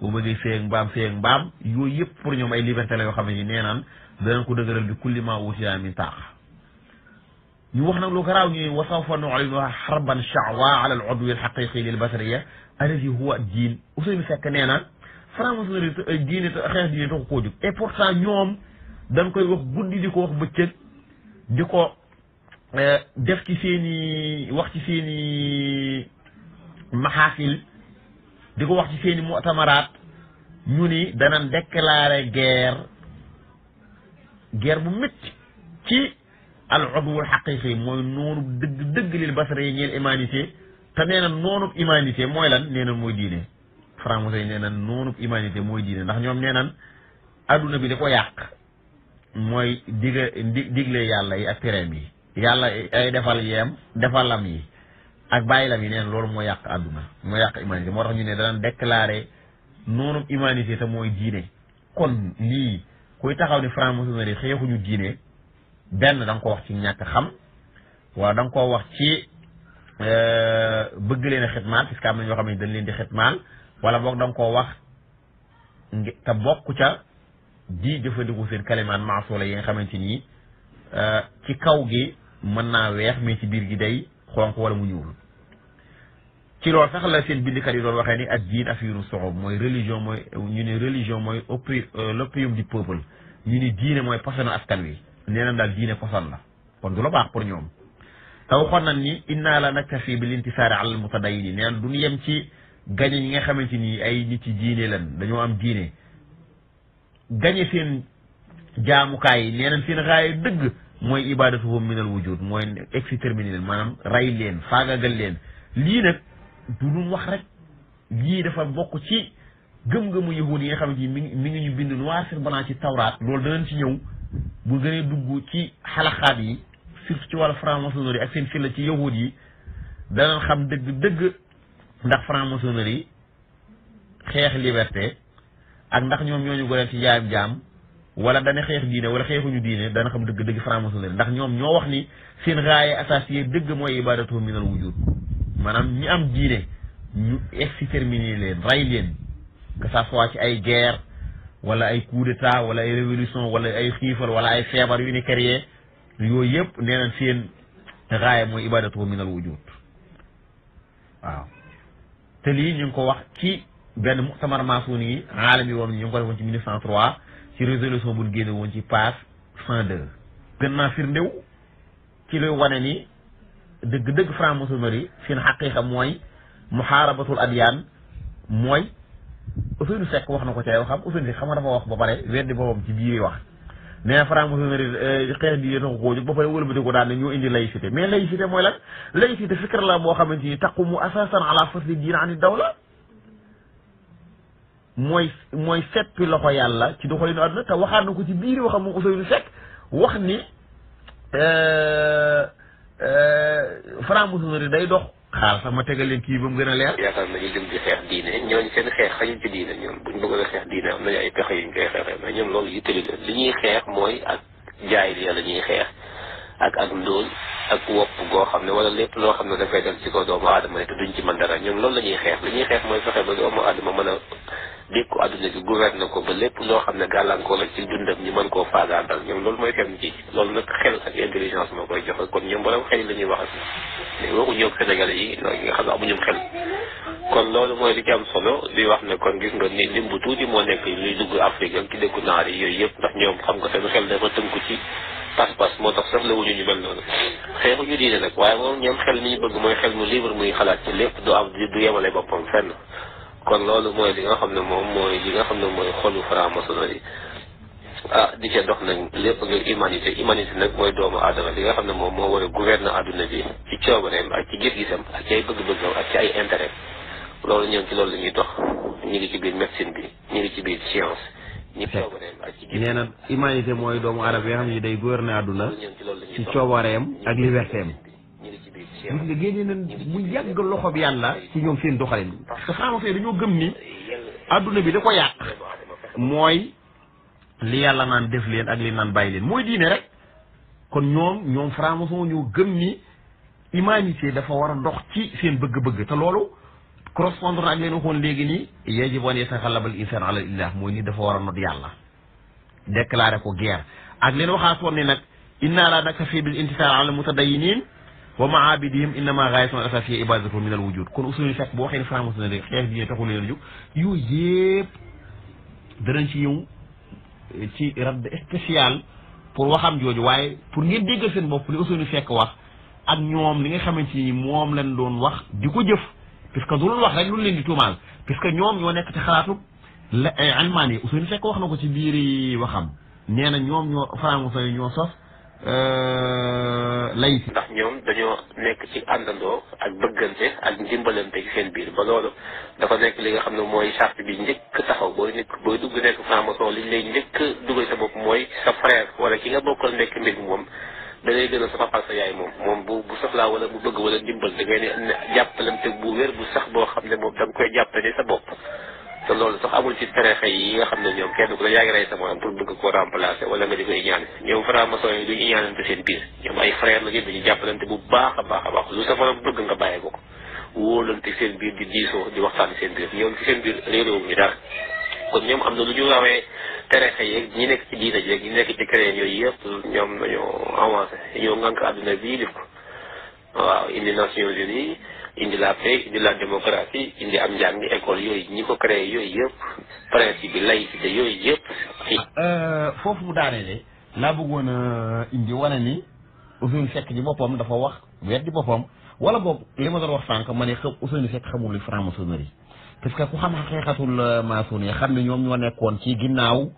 boo bëggee fee ak mbaam fee mbaam yooyu yëpp pour ñoom ay liberté la yoo xam ne nii nee naan danañ ko dëgëral bi يوخنا لو كراو ني وصف حربا شعواء على العضو الحقيقي للبشريه الذي هو الدين وسيم فك نينا فرانس دين خير دين تو كو ديك اي بورتان نيوم دان كوي واخ غودي ديكو واخ بتيك ديكو ديف كي سيني واخ سي سيني محافل ديكو واخ سي سيني مؤتمرات نوني دانان ديكلاري غير غير بو متي al udwul xaqiqi mooy noonu dëgg dëgg lil basara yi ñeel humanité te nee na noonub mooy lan nee mooy diine français yi nee na noonub humanité mooy diine ndax ñoom nee nan adduna bi li ko yàq mooy diga di digle yàlla yi ak tereem yi yàlla ay defal yeem defalam yi ak bàyyilam yi neen loolu moo yàq àdduna moo yàq humanité moo tax ñu ne danañ déclaré noonu humanité te mooy diine kon lii kuy taxaw ni franc-maçonnerie ñu diine benn danga nga ko wax ci ñàkk xam wala danga nga ko wax ci euh, bëgg leen a xitmaan parce que am na ñoo xam ne dañ leen di xitmaan wala boog da nga koo wax te bokk ca di jëfandiku seen kalimaan maasoola yi nga xamante ni euh, ci kaw gi mën naa weex mais ci biir gi day xonq wala mu ñuul ci loolu sax la seen bindikat yi doon waxee ni ak diin affaire soxob mooy religion mooy ñu ne religion mooy euh, l'opium du peuple ñu ne diine mooy poison askan wi nee nañ daal diine poson la kon du la baax pour ñoom te waxoon nañ ni inna la naktafi bil intisaari alal mutadayini nee nañ duñu yem ci gañe ñi nga xamante ni ay nit ci diine lan dañoo am diine gañe seen jaamukaay yi nee nañ seen xaaya dëgg mooy ibadatuhum min al wujud mooy exterminer leen maanaam rey leen faagagal leen lii nag du lu wax rek lii dafa bokk ci gëm-gëmu yahuud yi nga xamante ni mi ngi mi ngi ñu bind noir sur blanc ci tawraat loolu danañ ci ñëw bu gënee dugg ci xalaxaat yi surtout ci wàllu franc-maçonnerie ak seen fila ci yahud yi danañ xam dëgg dëgg ndax franc-maçonnerie xeex liberté ak ndax ñoom ñoo ñooñu goreel ci jaayam jaam wala dana xeex diine wala xeexuñu diine dana xam dëgg dëgg franc-maçonnerie ndax ñoom ñoo wax ni seen raaye associé dëgg mooy ibadatu minal wujud maanaam ñu am diine ñu exterminer leen rey leen que ça ci ay guerre wala ay coup d'état wala ay révolution wala ay xiifal wala ay feebar yu ni créé yooyu yëpp nee nañ seen raaya mooy ibadatuhu min al wujud waaw te lii ñu ngi ko wax ci benn muxtamar maasuni yi aalam yi woon ñu ngi ko def woon ci mille neuf cent trois ci résolution bu génne woon ci page cent deux gën naa firndéw ci luy wane ni dëgg-dëgg franc-maçonnerie seen xaqiiqa mooy muhaarabatul adyaan mooy Ousseynou Seck wax na ko ci ay waxam Ousseynou Seck xam nga dafa wax ba pare weddi boppam ci biir wax nee na franc-maçonnerie eh, xeex diine taxu koo jóg ba pare wëlbati ko daan ne ñoo indi laïcité mais laïcité mooy lan laïcité fikr la boo xamante ni taqumu asasan ala fasli diine ani dawla mooy mooy seppi loxo yàlla ci doxalinu àdduna te waxaat na ko ci biir wax moom Ousseynou Seck wax ni eh, eh, franc-maçonnerie day dox waaw sax ma tegal leen kii ba mu gën a leer yaakaar nañu lim di xeex diine ñooñ seen xeex xañuñ ci diine ñoom buñ bëggoon a xeex diine am nañu ay pexe yuñ koy xeexee mais ñoom loolu yittali leen li ñuy xeex mooy ak jaay li yàlla ñuy xeex ak ak ndóol ak wopp goo xam ne wala lépp loo xam ne dafay dal ci kaw doomu aadama ne te duñ ci mën dara ñoom loolu la ñuy xeex li ñuy xeex mooy fexe ba doomu aadama mën a dégg ko adduna bi na ko ba lépp loo xam ne gàllankoor la ci dundam ñi mën koo faagaagal ñoom loolu mooy fem ji loolu nag xel ak intelligence moo koy joxe kon ñoom borom xel la ñuy wax ak waxuñu ak sénégalais yi nga xam ne amuñu xel kon loolu mooy li ci am solo di wax ne kon gis nga bu tuuti moo nekk luy dugg Afrique ak ci dëkku naar yi yooyu yëpp ndax ñoom xam nga seen xel dafa tënku ci pas-pas moo ñoom xel mi ñu bëgg mooy xel mu libre muy xalaat ci lépp du am du yemale boppam fenn kon loolu mooy li nga xam ne moom mooy li nga xam ne mooy xolu franc-maçonnerie ah di ca dox nag lépp ngir humanité humanité nag mooy doomu aadama li nga xam ne moom moo war a gouverner bi ci coobareem ak ci gis-gisam ak ay bëgg ak ci ay loolu ñoom ci loolu la ñuy dox ñu ngi ci biir médecine bi ñu ngi ci biir science. ñu coobareem ak ci nee na humanité mooy doomu aadama yi nga xam ne day gouverner adduna. ci coobareem ak libertéem gis nga génne nañ bu yàgg loxo bi yàlla ci ñoom seen doxalin te saxaaba yi dañoo gëm ni adduna bi da ko yàq mooy li yàlla naan def leen ak li naan bàyyi leen mooy diine rek kon ñoom ñoom franc-maçon ñoo gëm ni humanité dafa war a dox ci seen bëgg-bëgg te loolu correspondre ak leen waxoon léegi nii yajibu an yataxallabal insaan ala illah mooy ni dafa war a not yàlla déclaré ko guerre ak leen waxaatoon ni nag inna la nakafi bil intisar ala ومعابدهم انما innama الاساسيه al من الوجود كون al-wujud بو خين fekk boo خيخ دي تاخو لي نيو يو ييب taxul سي a jóg رد yëpp pour waxam joju waye pour ngeen déggal seen bop li usul fekk wax ak ñoom li nga xamanteni ni moom lañ doon wax diko jëf puisque du lu wax rek lu leen di tumal puisque ñoom ñoo nekk ci xalaatu la almaan yi usul fekk wax nako ci biiri waxam neena ñoom ñoo faram ñoo sof euh lay si ndax ñoom dañoo nekk ci àndandoo ak bëggante ak ndimbalante ci seen biir ba loolu dafa nekk li nga xam ne mooy charte bi njëkk taxaw booy nekk booy dugg nekk franc-maçon li ñu lay njëkk dugal sa bopp mooy sa frère wala ki nga bokkal nekk mbir moom da ngay gën a sa papa sa yaay moom moom bu bu soxlaa wala bu bëgg wala ndimbal da ngay ne jàppalante bu wér bu sax boo xam ne moom da nga koy jàppale sa bopp te loolu sax amul ci tereexe yi nga xam ne ñoom kenn ku la yaa ngi pour bëgg koo remplacer wala nga di ko iñaane ñoom franc-maçon yi duñu iñaanante seen biir ñoom ay frère la ñu dañu jàppalante bu baax a baax a baax lu sa morom bëgg nga ko ko wóolante seen biir di diisoo di waxtaan seen biir ñoom ci seen biir réeréewu ñu dara ñoom am na lu ñu rawee tereexe yeeg ñi nekk ci diina ji yeeg ñi nekk ci créen yooyu yëpp ñoom ñoo avancé ñoo ngànk àdduna bii def ko waaw indi Nations Unies indi la paix indi la démocratie indi am njàng école yooyu ñi ko créé yooyu yëpp principe bi laïcité yooyu yëpp. Euh, foofu mu daanelee laa bëggoon a euh, indi wane ni Ousseynou Seck ji boppam dafa wax wet di boppam wala boog li ma doon wax sànq ma ne xam Ousseynou Seck xamul li franc-maçonnerie parce que ku xam xeexatul euh, maçon yi xam ne ñoom ñoo nekkoon ci ginnaaw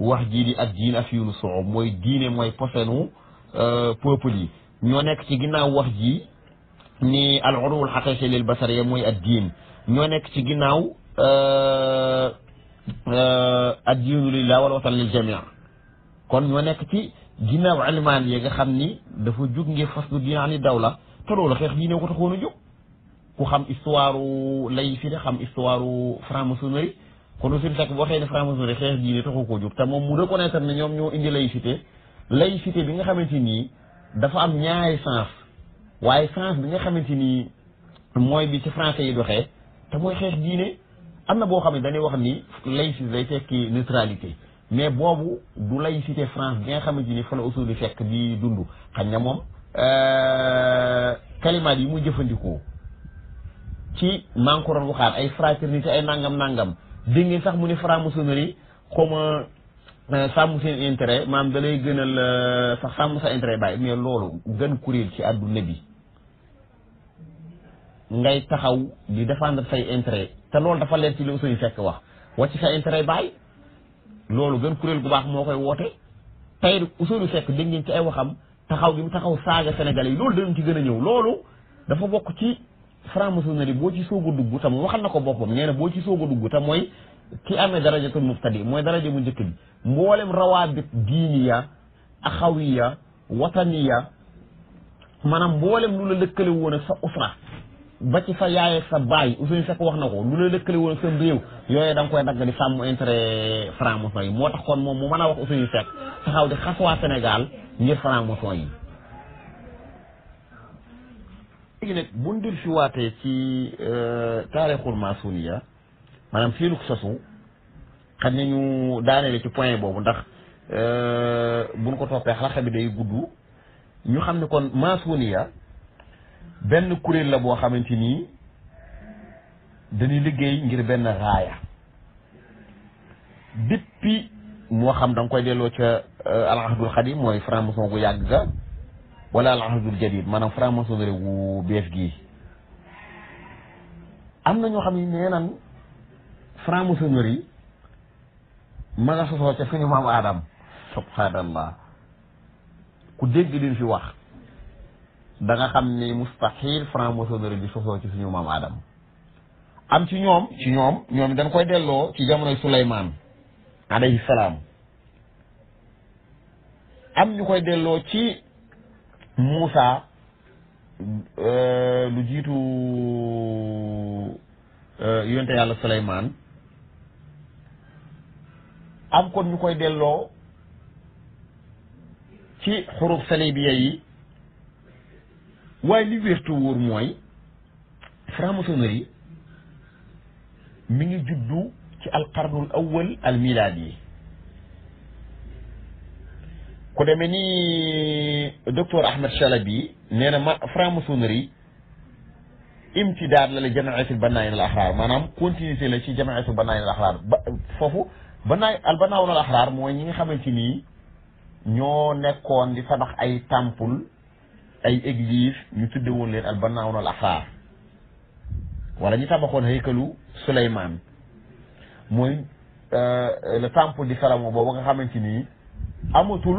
wax jii di ak diin af yunu soow mooy diine mooy posenu peuple yi ñoo nekk ci ginnaaw wax ji ni al urul xaqiqi lil moy ad-din ñoo nek ci ginaaw euh ginnaaw addiinu lillah wal watan lil jamia kon ñoo nek ci ginaaw ulman yi nga xamni ni dafa jug ngir faslu diinaani dawla to lolu xex ni ne ko taxono a jóg ku xam histoire lay fi ne xam histoire franc-maçonnerie kon suñu tak boo xëy ne franc-maçonnerie xex diine taxu koo jóg ta mom mu reconnaître ni ñom ñoo indi laïcité laïcité bi nga xamanteni nii dafa am ñaari sens waaye France bi nga xamante ni mooy bi ci français yi doxee te mooy xeex diine am na boo xam ne dañuy wax ni laïcité day tekki neutralité mais boobu du laïcité France bi nga xamante ni fa la Ousseynou fekk di dundu xam ne moom euh, kalimaat yi mu jëfandikoo ci maa ngi ko doon waxaat ay fraternité ay nangam nangam dégg sax mu ne franc-maçonnerie xawma euh, sàmm seen intérêt maam dalay lay gënal euh, sax sàmm sa intérêt bàyyi mais loolu gën kuréel ci àdduna bi ngay taxaw di défendre say intérêt te loolu dafa leer ci li usuñu fekk wax ci sa intérêt bàyyi loolu gën kuréel gu baax moo koy woote tey usuñu fekk dégg ngeen ci ay waxam taxaw gi mu taxaw saaga sénégalais yi loolu dañu ci gën a ñëw loolu dafa bokk ci franc-maçonnerie boo ci soog a dugg tam waxal na ko boppam nee boo ci soog a dugg tam mooy ki amee darajatul muftadi mooy daraja bu njëkk bi mboolem rawaabit diiniya axawiya wataniya maanaam mboolem lu la lëkkale woon ak sa usra ba ci sa yaay ak sa baay Ousseynou Seck wax na ko lu la lëkkale woon sa réew yooyu da nga koy dagg di sàmm intérêt franc-maçon yi moo tax kon moom mu mën a wax Ousseynou Seck taxaw di xas Sénégal ngir franc-maçon yi. léegi nag bu ndil fi waatee ci euh, taarixul maasuniya maanaam seenu sosu xam ne ñu daaneele ci point boobu ndax euh, buñ ko toppee xalaat bi day gudd ñu xam ne kon maasuniya benn kuréel la boo xamante nii dañuy liggéey ngir benn raaya depuis moo xam da nga koy delloo ca euh, alxadul xadim mooy franc-maçon gu yàgg ga wala alxadul jadid maanaam franc-maçon gu bees gii am na ñoo xam ne nee nan franc-maçonnerie ma nga sosoo ca suñu maam aadam subhanallah ku dégg leen fi wax da nga xam ni mustahil franc-maçonnerie bi sosoo ci suñu maam Adam am ci ñoom ci ñoom ñoom dañ koy delloo ci jamono Suleymaan alayhi salaam am ñu koy delloo ci Muusa euh, lu jiitu euh, yonte yàlla Suleymaan am kon koy delloo ci salibiya yi waaye li wér te wóor mooy franc-maçonnerie mi ngi juddu ci alqarnul awwal al milaadi yi ku demee ni docteur Ahmed Chalabi nee na ma franc-maçonnerie imtidaad la la jamaatul banaayin al axraar maanaam continuité la ci jamaatul banaayin al axraar ba foofu banaay al banaawul al axraar mooy ñi nga xamante ni ñoo nekkoon di sabax ay temple ay église ñu tudde won leen al banawna al afa wala ñu tabaxoon sulayman moy euh le temple di salamo boobu nga xamanteni amatul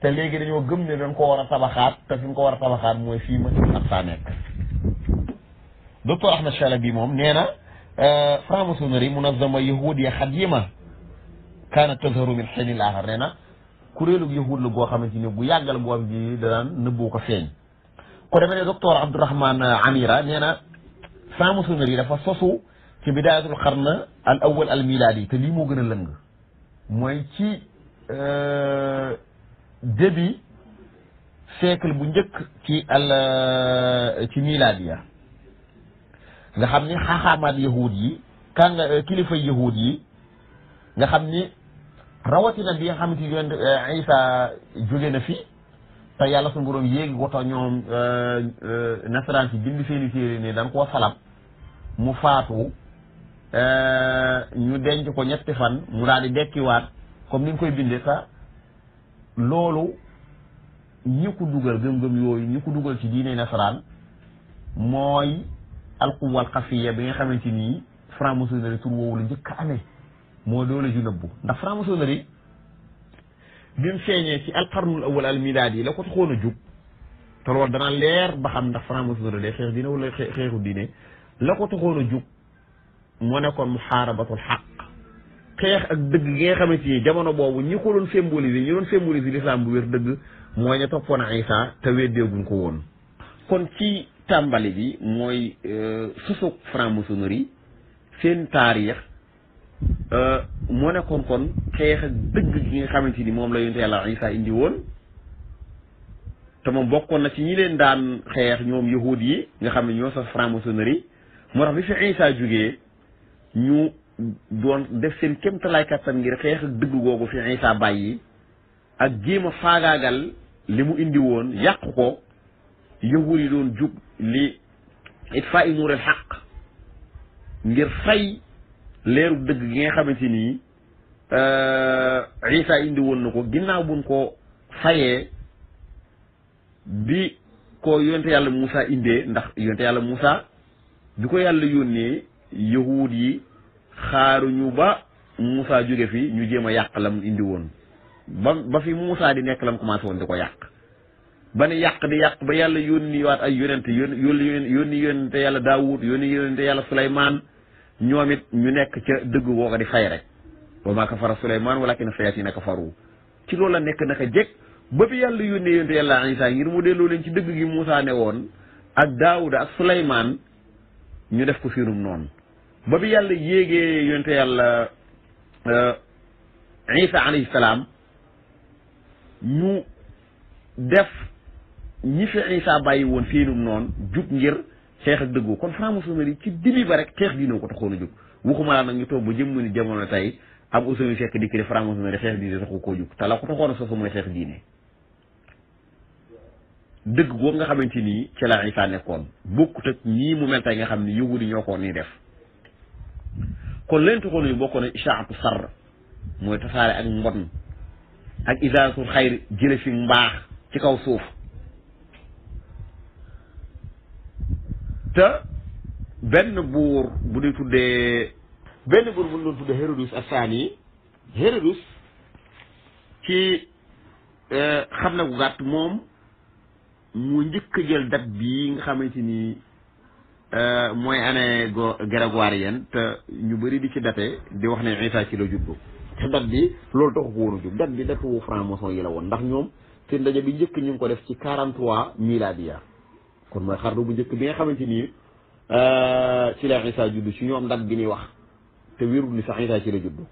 te légui dañu gëm ne dañ ko wara tabaxat te fi ko wara tabaxat moy fi ma ci Aqsa nek docteur Ahmed Chalabi mom neena euh franc-maçonnerie munazama yahudiya xadima kaanat tazharu min xiini l-aaxar kuréelug yahuud la goo xamante ni bu yàggal goo am ji danaan nëbbu ko feeñ ko demee ne docteur Abdourahman Amira nee na sans maçonnerie dafa sosu ci bidaayatul xarna al awal al milaadi te lii moo gën a lëng mooy ci euh, début siècle bu njëkk ci al euh, ci milaadi ya nga xam ni xaaxaamaat yahuud yi kànga euh, kilifa yahuud yi nga xam ni rawatina bi nga xamante ni yoon eh, Isa jóge na fii te yàlla suñu borom yéegi woto ñoom eh, eh, nasaraan si bind seeni téere ne dañ koo salab mu faatu ñu denc ko ñetti fan mu daal di dekkiwaat comme ni nga koy bindee sax loolu ñi ko dugal gëm-gëm yooyu ñi ko dugal ci diine nasaraan mooy alquwa alxafiya bi nga xamante nii franc-maçonnerie tur woowu la njëkk a amee moo doole ju nëbbu ndax franc-maçonnerie bi mu feeñee ci alxarnul awal al milaad yi la ko taxoon a jug te loolu dana leer ba xam ndax franc-maçonnerie day xeex diine wala xeexu diine la ko taxoon a moo nekkoon muxaarabatul xaq xeex ak dëgg gi nga xamante ni jamono boobu ñi ko doon symboliser ñi doon symboliser l'islam bu wér dëgg mooy ñu toppoon Isa te weddeeguñ ko woon kon ci tàmbali bi mooy euh, susuk franc-maçonnerie seen taarix Euh, moo nekkoon kon xeex ak dëgg gi nga xamante ni moom la yonte yàlla Isa indi woon te bokkoon na ci ñi leen daan xeex ñoom yahud yi nga xam ne ñoo sax franc-maçonnerie moo tax bi fi Isa jógee ñu doon def seen kéemtalaay kattan ngir xeex ak dëgg googu fi Isa bàyyi ak jéem a faagaagal li mu indi woon yàq ko yahud yi doon jug li it fa i xaq ngir fay leeru dëgg gi nga xamante nii euh, Isa indi woon na ko ginnaaw buñ ko fayee bi ko yonte yàlla musaa indee ndax yonte yàlla musaa bi ko yàlla yónnee yahuud yi xaaruñu ba Moussa jóge fii ñu jéem a yàq lam indi woon ba ba fi Moussa di nekk lam commencé woon di ko yàq ba ne yàq di yàq ba yàlla yónni waat ay yonente yón yónni yónni yónni yonente yàlla Daawud yónni yónente yàlla Suleymaan ñoom it ñu nekk ca dëgg wooga di fay rek wa maa kafara Suleymaan walaakinna shayaatina kafaru ci loolu la nekk naka jekk ba bi yàlla yónnee yonent yàlla Isaa ngir mu delloo leen ci dëgg gi Muusaa ne woon ak ak Suleymaan ñu def ko fiirum noonu ba yàlla yéegee yonent yàlla euh, Isaa salaam ñu def ñi fi Isaa bàyyi woon fiirum noon jug ngir xeex ak dëggoo kon franc-maçonnerie ci début ba rek xeex diine ko a jóg waxuma ba jëmm ni jamono tey am usami fekk di crée franc-maçonnerie xeex diine taxu koo jóg te la mooy dëgg googu nga xamante ni ci nekkoon bokkut ñii mu mel tey nga xam ni yahudi ñoo ko nii def kon leen taxoon ñu bokkoon mooy tasaare ak mbon ak isaatul xayr jële fi mbaax ci kaw suuf te benn buur bu ñu tuddee benn buur bu ñu doon tuddee Hérodus Assaani Hérodus ci euh, xam na gu gàtt moom mu njëkk a jël date bii nga xamante ni euh, mooy année yen te ñu bëri di ci date di wax ne Isa ci la juddu te date bi loolu taxu ko woon a jub bi date wu franc-maçon yi la woon ndax ñoom te ndaje bi njëkk ñu ngi ko def ci 43 miladiya kon mooy xarnu bu njëkk bi nga xamante ni euh, ci la Isa juddu ci ñoom ndat bi ñuy wax te wérul ni sax Isa ci la juddu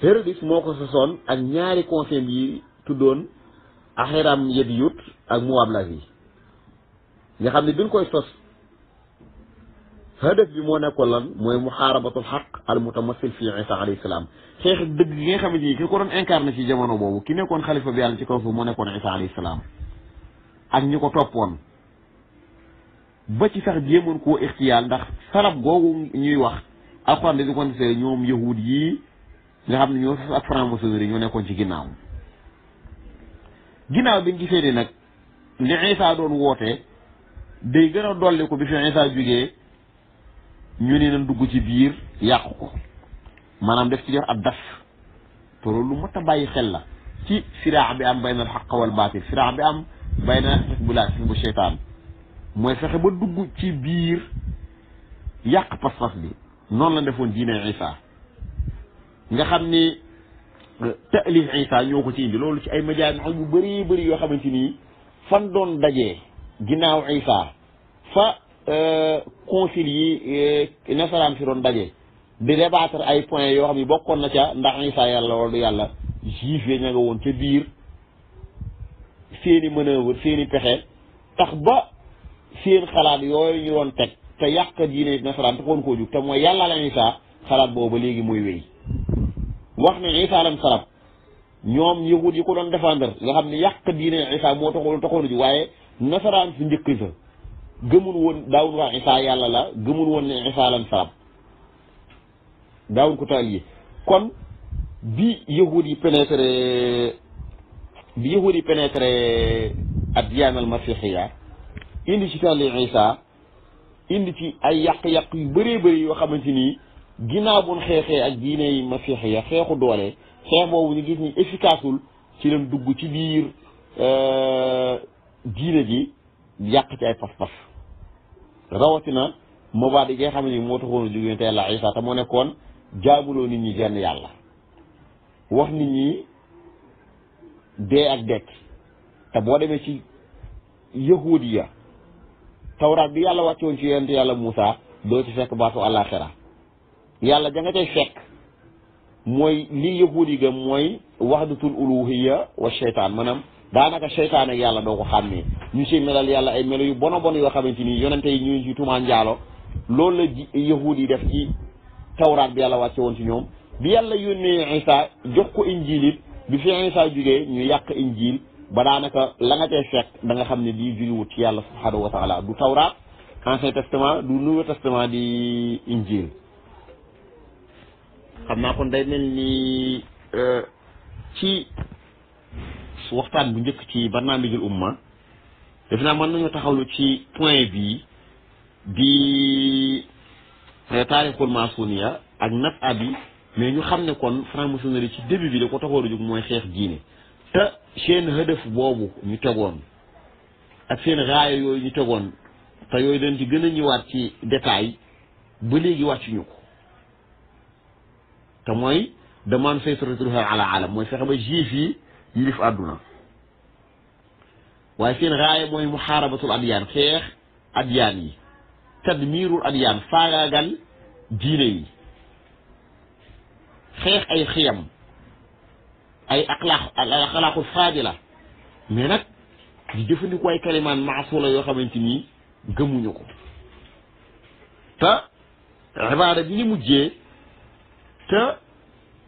Hérodis moo ko sosoon ak ñaari conseil yi tuddoon Ahiram Yediyut ak Moab Lavi nga xam ne bi ñu koy sos hadaf bi moo nekkoon lan mooy muxaarabatul xaq al mutamasil fi Isa alayhi salaam xeex dëgg gi nga xamante ni ki ko doon incarné ci jamono boobu ki nekkoon xalifa bi yàlla ci kaw fa moo nekkoon Isa alayhi salaam ak ñi ko toppoon ba ci sax jéemoon koo ixtiyaal ndax salab googu ñuy wax alxuraan dañu kon seere ñoom yahud yii nga xam ne ñoo sos ak franc-maçonnerie ñoo nekkoon ci ginnaaw ginnaaw bi ñu gisee ni nag li Isaa doon woote day gën a dolli ko bi fi Isaa jógee ñu ne nañ dugg ci biir yàq ko maanaam def ci def ab daf te loolu lu mot a bàyyi xel la ci firaax bi am baynal xaq wal baatil firaax bi am bay na xisbulaay xisbu seytaan mooy fexe ba dugg ci biir yàq pas-pas bi noonu la defoon diine Isa nga xam ni euh, taalif Isa ñoo ko ci indi loolu ci ay majaami xam yu bëri bëri yoo xamante ni fan doon dajee ginnaaw Isa fa euh, concile yi euh, nasaraan si doon dajee di débattre ay points yoo xam ni bokkoon na ca ndax Isa yàlla wala yàlla juif ya ña nga woon ca biir seeni manœuvre seeni pexe tax ba seen xalaat yooyu ñu doon teg te yàq diine nasaraan taxoon koo jug te mooy yàlla la Isaa xalaat boobu ba léegi mooy wéy wax ne Isaa lam salab ñoom yahud yi ko doon défendre nga xam ne yàq diine Isaa moo taxoon taxoon ju waaye nasaraan su njëkk sa gëmul woon daawul wax Isaa yàlla la gëmul woon ne Isaa lam salab daawul ko taal yi kon bi yahud yi pénétré bi yahud yi pénétré addiyaan al masixiya indi ci tali isa indi ci ay yàq-yàq yu bëree bëri yoo xamante ni ginnaaw buñ xeexee ak yi masixiya xeexu doole xeex boobu ñu gis ni efficaceul ci leen dugg ci biir euh, diine ji yàq ci ay pas-pas rawatina moobaat yi nga xam ne moo taxoon jógeen te yàlla isa te moo nekkoon jaabuloo nit ñi genn yàlla wax nit ñi dee ak dekk te boo demee ci yahudiya tawraat bi yàlla wàccoon ci yonent yàlla Moussa doo ci fekk baatu àllaaxira yàlla ja nga fekk mooy li yahudi ga mooy wax waxdatul ya wa seytaan maanaam daanaka seytaan ak yàlla doo ko xàmmee ñu si melal yàlla ay melo yu bono bon yoo xamante ni yonente yi ñu ci tumaa njaalo loolu la yahudi yi def ci tawraat bi yàlla wàcce woon ci ñoom bi yàlla yónnee Isa jox ko injiil bi fi Isa jugee ñu yàq injiil ba daanaka la nga tey fekk da nga xam ne lii juliwut ci yàlla subhanahu wa taala du tawraat ancien testament du nouveau testament di injiil xam naa kon day mel ni euh, ci waxtaan bu njëkk ci barnaamijul umma def naa mën nañu taxawlu ci point bi di euh, taarixul maasuniya ak nat abi mais ñu xam ne kon franc-maçonnerie ci début bi da ko taxoon a jóg mooy xeex diine te seen hëdëf boobu ñu tegoon ak seen raaya yooyu ñu tegoon te yooyu dañ ci gën a ñëwaat ci détail ba léegi wàccuñu ko te mooy demande saytratuha ala alam mooy fexe ba juif yi yilif àdduna waaye seen raaya mooy muxaarabatul adyaan xeex adyaan yi tadmiirul adyaan faagaagal diine yi xeex ay xiyam ay axlaaq al axlaaqul faadila mais nag di jëfandikoo ay maasula yoo xamante ni gëmuñu ko te ibaada bi ni mujjee te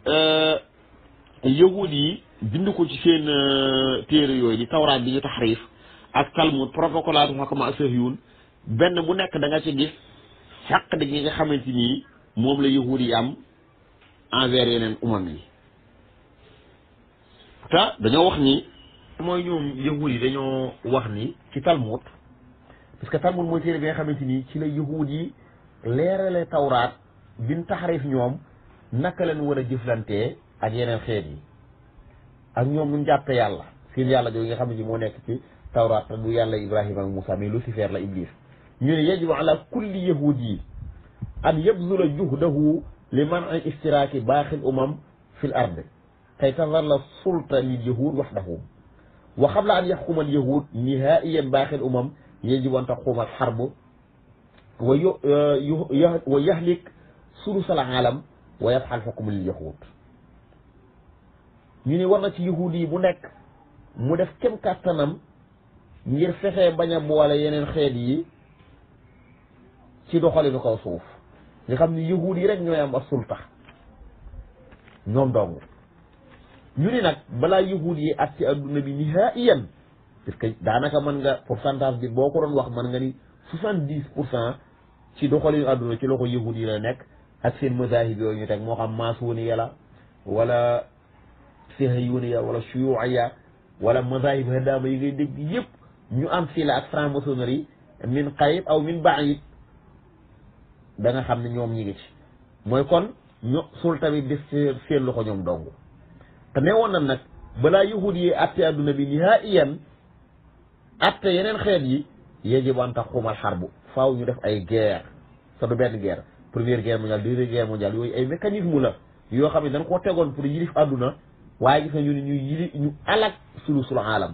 euh, yahud yi bind ko ci seen euh, téere yooyu di tawraat bi ñu taxriif ak talmud protocolaatu xakama asahiyun benn bu nekk da nga ci gis xaq di nga xamante ni moom la yahud yi am envers yeneen umam yi ta dañoo wax ni mooy ñoom yahuud yi dañoo wax ni ci Talmud parce que Talmud mooy téere bi nga xamante ni ci la yahuud yi leerale tawraat bi bin taxarif ñoom naka leen war a jëflantee ak yeneen xeet yi ak ñoom ñu jàppe yàlla seen yàlla jooju nga xam ne moo nekk ci tawraat te du yàlla Ibrahima ak Moussa mais Lucifer la Iblis ñu ne yajibu ala kulli yahudi an yabzula juhdahu لمنع اشتراك باقي الأمم في الأرض كي تظل السلطة لليهود وحدهم وقبل أن يحكم اليهود نهائيا باقي الأمم يجب أن تقوم الحرب ويهلك ثلث العالم ويفعل حكم اليهود ñu ni war na ci yahuud yi bu nekk mu def kem kàttanam ngir fexe bañ a boole yeneen xeet yi ci doxalinu ko suuf nga xam ni yahuud yi rek ñooy am ak sulta ñoom dong ñu ni nag balaa yahuud yi ak ci adduna bi nihaayan parce que daanaka mën nga pour pourcentage bi boo ko doon wax man nga ni soixante dix pour cent ci doxalinu adduna ci loxo yahuud yi la nekk ak seen mazahib yooyu ñu teg moo xam maasoniya la wala sihayuniya wala shuyuuya wala mazahib hadaama yi ngay dégg yëpp ñu am fii la ak franc min qarib aw min baid da xam ne ñoom ñi ngi ci mooy kon ño sulta tamit def seen loxo ñoom dong te ne woon na nag balaa yahud yi atte adduna bi yen atte yeneen xeet yi yajibu an xar bu faw ñu def ay guerre sa du benn guerre première guerre mondiale deuxième guerre mondiale yooyu ay mécanisme la yoo xam ne dañ koo tegoon pour yilif àdduna waaye gis na ñu ne ñu yili ñu alak sulu sul aalam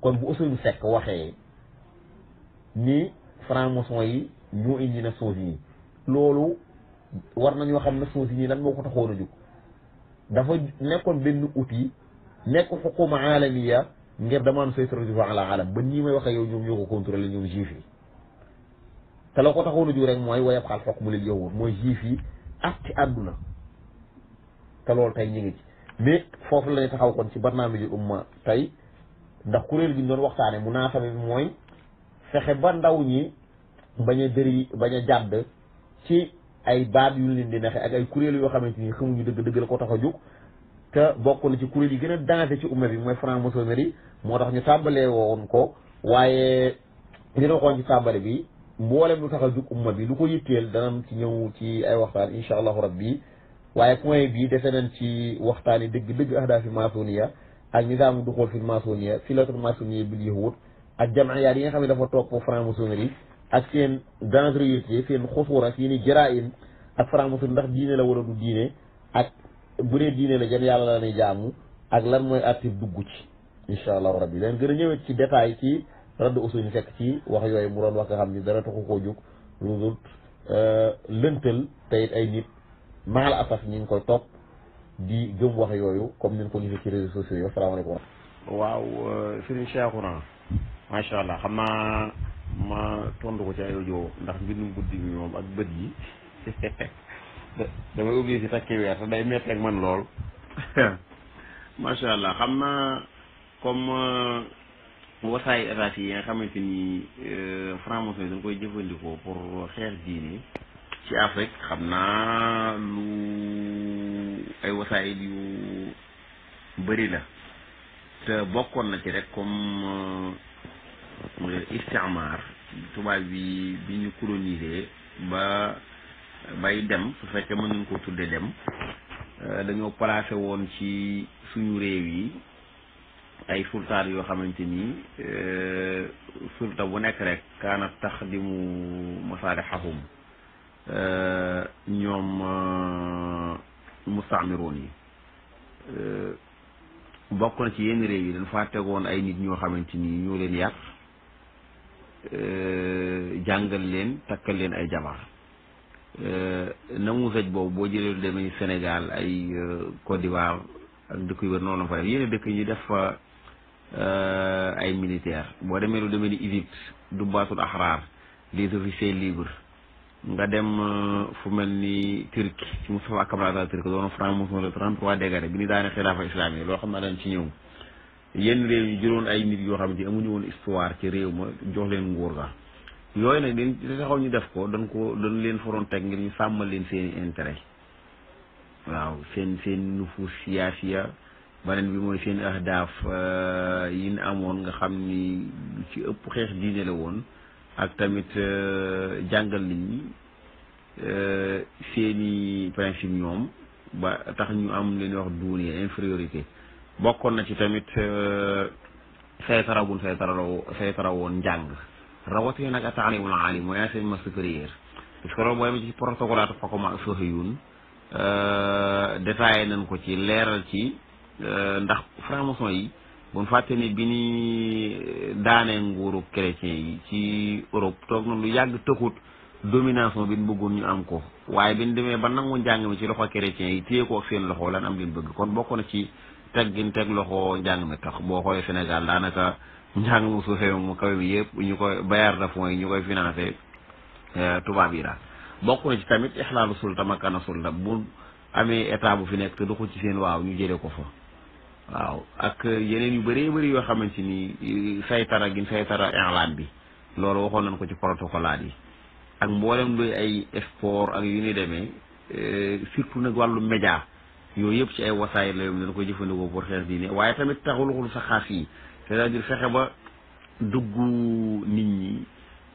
kon bu Ousseynou Seck waxee ni franc-maçon yi moo indi na suuf yi loolu war ñoo xam na suuf yi lan moo ko taxoon a jóg dafa nekkoon benn outil nekk xukuma alamiya ngir dama am saytradifa ala alam ba nii may wax ak yow ñoom ñoo ko contrôlé ñoom juif yi te la ko taxoon a jóg rek mooy wayab xaal xokk mu leen yow mooy juif yi ak àdduna te loolu tey ñu ngi ci mais foofu la ñu taxaw kon ci barnaamiju umma tey ndax kuréel gi ñu doon waxtaane mu naasame bi mooy fexe ba ndaw ñi bañ a dëri bañ a jàdd ci ay baat yu leen di naxe ak ay kuréel yoo xamante ni xamuñu dëgg dëgg la ko taxa a te bokk na ci kuréel yi gën a danger ci umma bi mooy franc-maçonnerie moo tax ñu tàmbalee woon ko waaye dina waxoon ci bi mboolem lu tax a jug bi lu ko yitteel danañ ci ñëw ci ay waxtaan incha allahu rabbi waaye point bii defe nañ ci waxtaan yi dëgg-dëgg ahdaafi maasoniya ak nizaamu duxool fi maasoniya filatul maasoniya bil yahud ak jamaaya yi nga xam ne dafa topp franc-maçonnerie ak seen dangerosité seen xusuura seeni jaraayim ak franc-maçon ndax diine la war a du diine ak bu dee diine la jëm yàlla la ne jaamu ak lan mooy artif dugg ci incha allahu rabbi leen gën a ñëwee ci détail ci radd ñu fekk ci wax yooyu mu doon wax nga xam ni dara taxu koo jóg lu dul euh, lëntal tayit ay nit maal asaf ñi ngi koy topp di gëm wax yooyu comme ni ñu ko gisee ci réseaux sociaux yi asalaamaaleykum waaw euh, Serigne Cheikhouna macha allah xam naa ma tontu ko ci ay audio ndax mbindum guddi bi moom ak bët yi damay obligé si takki weer te day métti ak man lool macha allah xam naa comme euh, wasaayu état yi nga xamante ni euh, franc-maçon yi dañ koy jëfandikoo pour xeex diini ci Afrique xam naa lu ay wasaay yu bëri la te bokkoon na ci rek comme euh, istimaar tubaab bi bi ñu colonisé ba bay dem su fekkee mën nañ ko tuddee dem euh, dañoo placé woon ci suñu réew yi ay sultaan yoo xamante nii euh, sulta bu nekk rek kaana tax di mu masaare xaxum euh, ñoom mustaamiroon yi bokk na ci yenn réew yi dañ faa tegoon ay nit ñoo xamante ni ñoo leen yàq Euh, jàngal leen takkal leen ay jabar euh, namu sëj boobu boo jëlee lu demee Sénégal ay euh, Côte d'Ivoire ak dëkk yu wër noonu fa def yenn dëkk ñu def fa ay militaire boo demee lu demee ni Égypte Dubaatul Ahrar les officiers libres nga dem fu mel ni Turquie ci Mustafa Kemal Atatürk doon franc-maçon de 33 degré bi ni a xilaafa islami loo xam naa dañ ci ñëw yenn réew yi jëloon ay nit yoo xam ne amuñu woon histoire ci réew ma jox leen nguur la yooyu nag dañ taxaw ñu def ko dañ ko dañ leen foroon teg ngir ñu sàmmal leen seeni intérêt waaw seen seen nufu siyaasiya beneen bi mooy seen ahdaaf eh, yi ñu amoon nga xam ni ci ëpp xeex diine la woon ak tamit eh, jàngal nit ñi eh, seeni principe ñoom ba tax ñu am leen wax duune infériorité bokkoon na ci tamit euh, saytara gun saytaraloo saytara woon njàng rawatina nag ataalimul aali mooy ma supérieur parce que loolu boo demee ci protocolaatu Fakoma ak Sohiyun euh, détaillé nañ ko ci leeral ci euh, ndax franc-maçon yi buñ fàtte ni bi ni daanee nguuru chrétien yi ci Europe toog na lu yàgg tëkkut domination bi ñu bëggoon ñu am ko waaye bi ñu demee ba nangu njàng mi ci loxo chrétien yi téye ko ak seen loxo lan am leen bëgg kon bokk na ci. teggin teg loxo njàng mi tax boo xoolee Sénégal daanaka njàng mu suufee mu kawe bi yëpp ñu koy bayaar da fonds yi ñu koy financé euh, tubaab yi daal bokk na ci tamit ixlaalu sulta makana sulta bu amee état bu fi nekk te doxul ci seen waaw ñu jëlee ko fa yeneen yu bëree bëri yoo xamante ni euh, saytara gin saytara inlaan bi loolu waxoon nañ ko ci protocolaat yi ak mboolem luy ay sport ak yu ni demee euh, surtout nag wàllu média yooyu yëpp ci ay wasaay la yom dana koy jëfandikoo pour xeex diine waaye tamit taxuluxul saxaaf yi c'est-à-dire fexe ba dugg nit ñi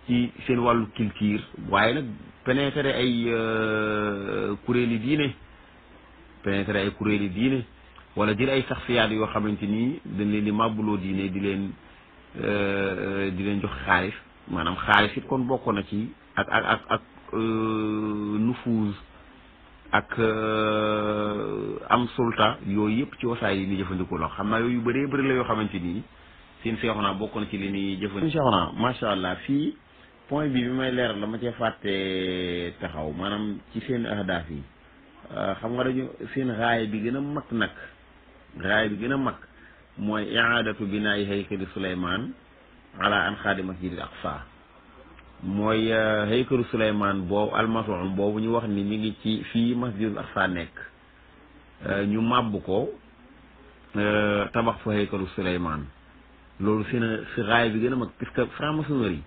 ci seen wàllu culture waaye nag pénétrer ay euh, kuréeli diine pénétrer ay kuréeli diine wala jël ay saxfiyaat yoo xamante nii dañ leen di màbbuloo diine di leen euh, di leen jox xaalis maanaam xaalis it kon bokk na ci ak ak ak ak euh, nufuus ak euh, am sulta yooyu yëpp ci wasaay yi ñuy jëfandikoo la xam naa yooyu bëree bëri la yoo xamante ni seen seexuna bokk na ci li ñuy jëfandikoo. seexuna macha allah fii point bi bi may leeral dama cee fàtte taxaw maanaam ci seen ahdaaf yi euh, xam nga dañu seen raaya bi gën a mag nag raaya bi gën a mag mooy iadatu binaayi haykali Suleymaan ala an xaadi masjidil aqsa mooy euh, heykalu Souleymane boobu almason boobu ñu wax ni ñu ngi ci fii masjidul Aqsa nekk euh, ñu màbb ko euh, tabax fa heykalu Souleymane loolu si na si raay bi gën a mag puisque franc-maçonnerie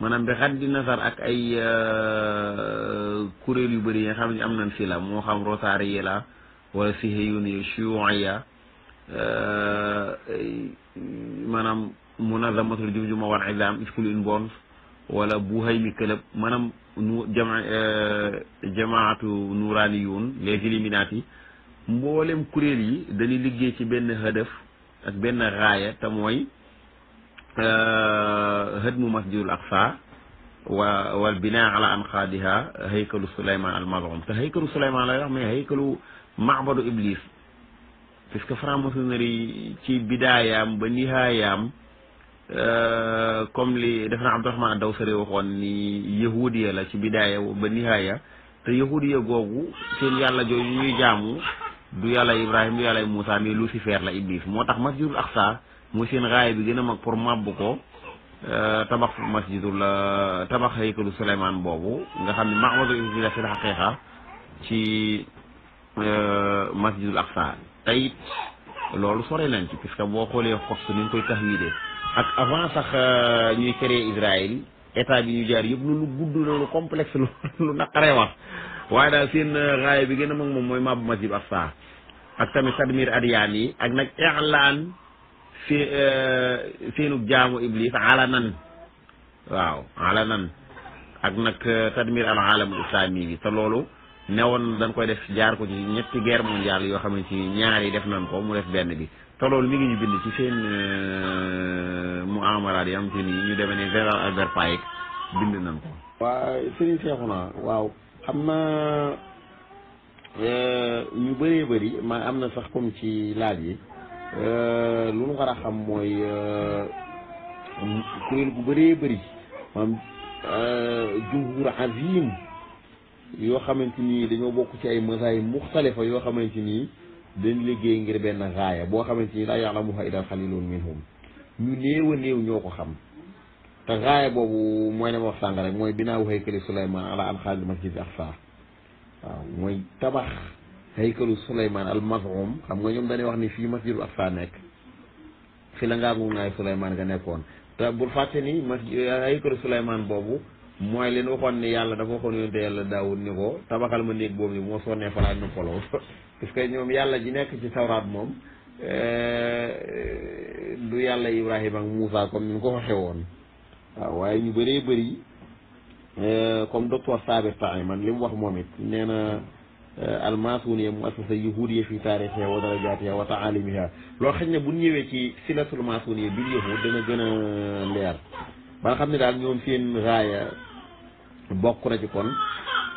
maanaam bi xat di nasar ak ay kuréel yu bari yi nga xam ne am nañ si la moo xam rosaariye la wala sihiyun yi chiiya maanaam munazamatul jumjuma wal ilam school in bonds wala buhaymi club maanaam nu jama eh, jamaatu nuuraaniyuun les illuminati mboolem kuréel yi dañuy liggéey ci benn hëdëf ak benn raaya te mooy hëd eh, mu masjidul aqsa wa wal binaa ala anqaadiha haykalu suleyman al mazum te haykalu suleyman lay wax mais haykalu mahbadu iblis parce que franc-maçonnerie ci bidaayaam ba nihaayaam Euh, comme li def naa Abdourahmaan Dawsari waxoon ni yahudiya la ci bidaaya ba nihaaya te yahudiya googu seen yàlla jooju ñuy jaamu du yàlla Ibrahima du yàlla Moussa mais Lucifer la Iblis moo tax masjidul Aqsa mu seen raaya bi gën a mag pour màbb ko euh, tabax masjidul euh, tabax haykalu Souleymane boobu nga xam ne mahmadu iblis la fil haqiqa ci masjidul Aqsa tey loolu sore nañ ci puisque boo xoolee xos ni ñu koy tax wiidee ak avant sax euh, ñuy créer Israël état bi ñu jaar yëpp lu gudd la lu complexe lu lu waaye daal seen euh, raaya bi gën a moom mooy mabbu masjid Aqsa ak tamit tadmir adyaan yi ak nag i'laan fi euh, seenu jaamu iblis alanan waaw alanan ak nag tadmir al alam islami bi te loolu newoon dañ koy def jaar ko ci ñetti guerre mondiale yoo xam ne ci ñaar yi def nañ ko mu def benn bi te loolu mi ngi ñu bind ci seen euh, mu amaraat yi am te ni ñu demee ne Gérard Albert Payek bind nañ ko. waa Serigne Cheikhouna waaw xam na ñu euh, bëree bëri ma am na sax comme ci laaj yi euh, lu ñu war a xam mooy kuréel gu bëree bëri maanaam jumhur azim yoo xamante ni dañoo bokk ci ay masaay muxtalifa yoo xamante ni. dañ liggéey ngir benn raaya boo xamante ni laa yaalamuha illa xaliilun minhum ñu néew a néew ñoo ko xam te raaya boobu mooy ne ma wax sànq rek mooy binaawu haykali Souleymane ala alxaali masjid waaw mooy tabax haykalu Souleymane al mazum xam nga ñoom dañuy wax ni fii masjidu Aqsa nekk fi la ngaagu naay Souleymane nga nekkoon te bul fàtte ni masjid haykalu Souleymane boobu mooy leen waxoon ni yàlla dafa waxoon yonte yàlla daawut ni ko tabaxal ma néeg boobu ni moo sonnee falaa ñu foloo parce que ñoom yàlla ji nekk ci tawraat moom euh, du yàlla Ibrahima ak Moussa comme ni mu ko waxee woon waaw waaye ñu bëree bëri euh, comme docteur Sabir Taïman man li wax moom it nee na euh, almasuniya muassasa yahudiya fi taarixiha wa darajatiha wa taalimiha loo xam ne bu ñëwee ci silatul masuniya bil yahud dana gën a leer ba nga xam ne daal ñoom seen raaya bokk na ci kon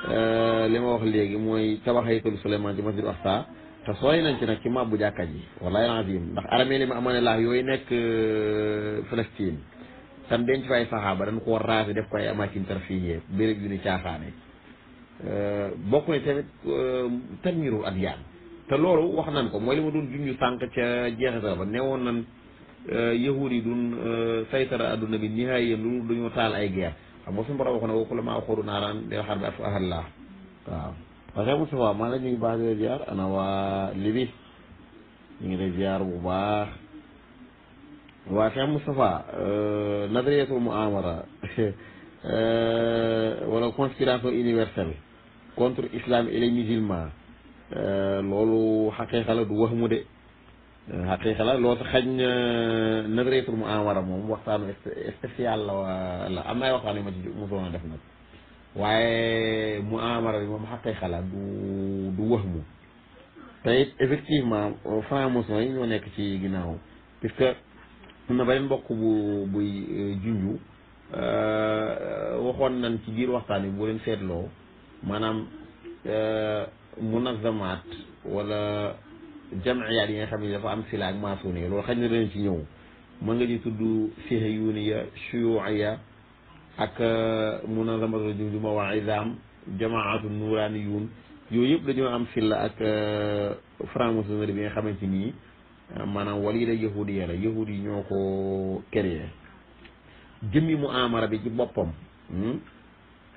Euh, li ma wax léegi mooy tabax haykalu Souleymane ci masjid Aqsa te sooy nañ ci nag ci màbbu jàkka ji wallahi azim ndax aramee li ma amoon laax yooyu nekk euh, Palestine tan denc fay saxaaba dañ koo raase def ko ay amakin tarfiyee béréb yu ni caaxaane euh, bokk ne tamit tanmirul adyaan te loolu wax nan ko mooy li ma doon junj sànq ca jeexital ba newoon nan yahuud yi duñ saytara adduna bi nihaayeen lu dañoo taal ay guerre xam nga suñu borom waxoon ne wa kullamaa waxoodu naaraan day waxaat bi af ahallah waaw waxee Moustapha maa la ñu ngi baax di la ziar ana waa Libi ñu ngi lay bu baax waa Cheikh Moustapha euh, nadriyatul muamara euh, wala conspiration universelle contre islam et les euh, loolu xaqiiqa la du wax mu de xaqiqa la loolu xañ euh, na reetul mu enwara moom waxtaanu spécial la la am na waxtaan yu ma ci mosoon def nag waaye mu enwara bi moom xaqiqa la du du wax mu te effectivement franc-maçon yi ñoo nekk ci ginnaaw puisque am na beneen mbokk bu buy euh, junju euh, waxoon nañ ci biir waxtaan yi boo leen seetloo maanaam munazamaat wala jamciyaat yi nga xam ne dafa am sila ak maasuune loolu xañ na dana ci ñëw mën nga ci tudd sihiyuniya shuyuuciya ak euh, munazamatul junjuma waa izaam jamaatu nuuraaniyuun yooyu yëpp dañoo am sila ak euh, franc-maçonnerie bi nga xamante nii euh, maanaam wali da yahudiya la yahud yi ñoo ko créé jëmmi mu amara bi ci boppam hmm?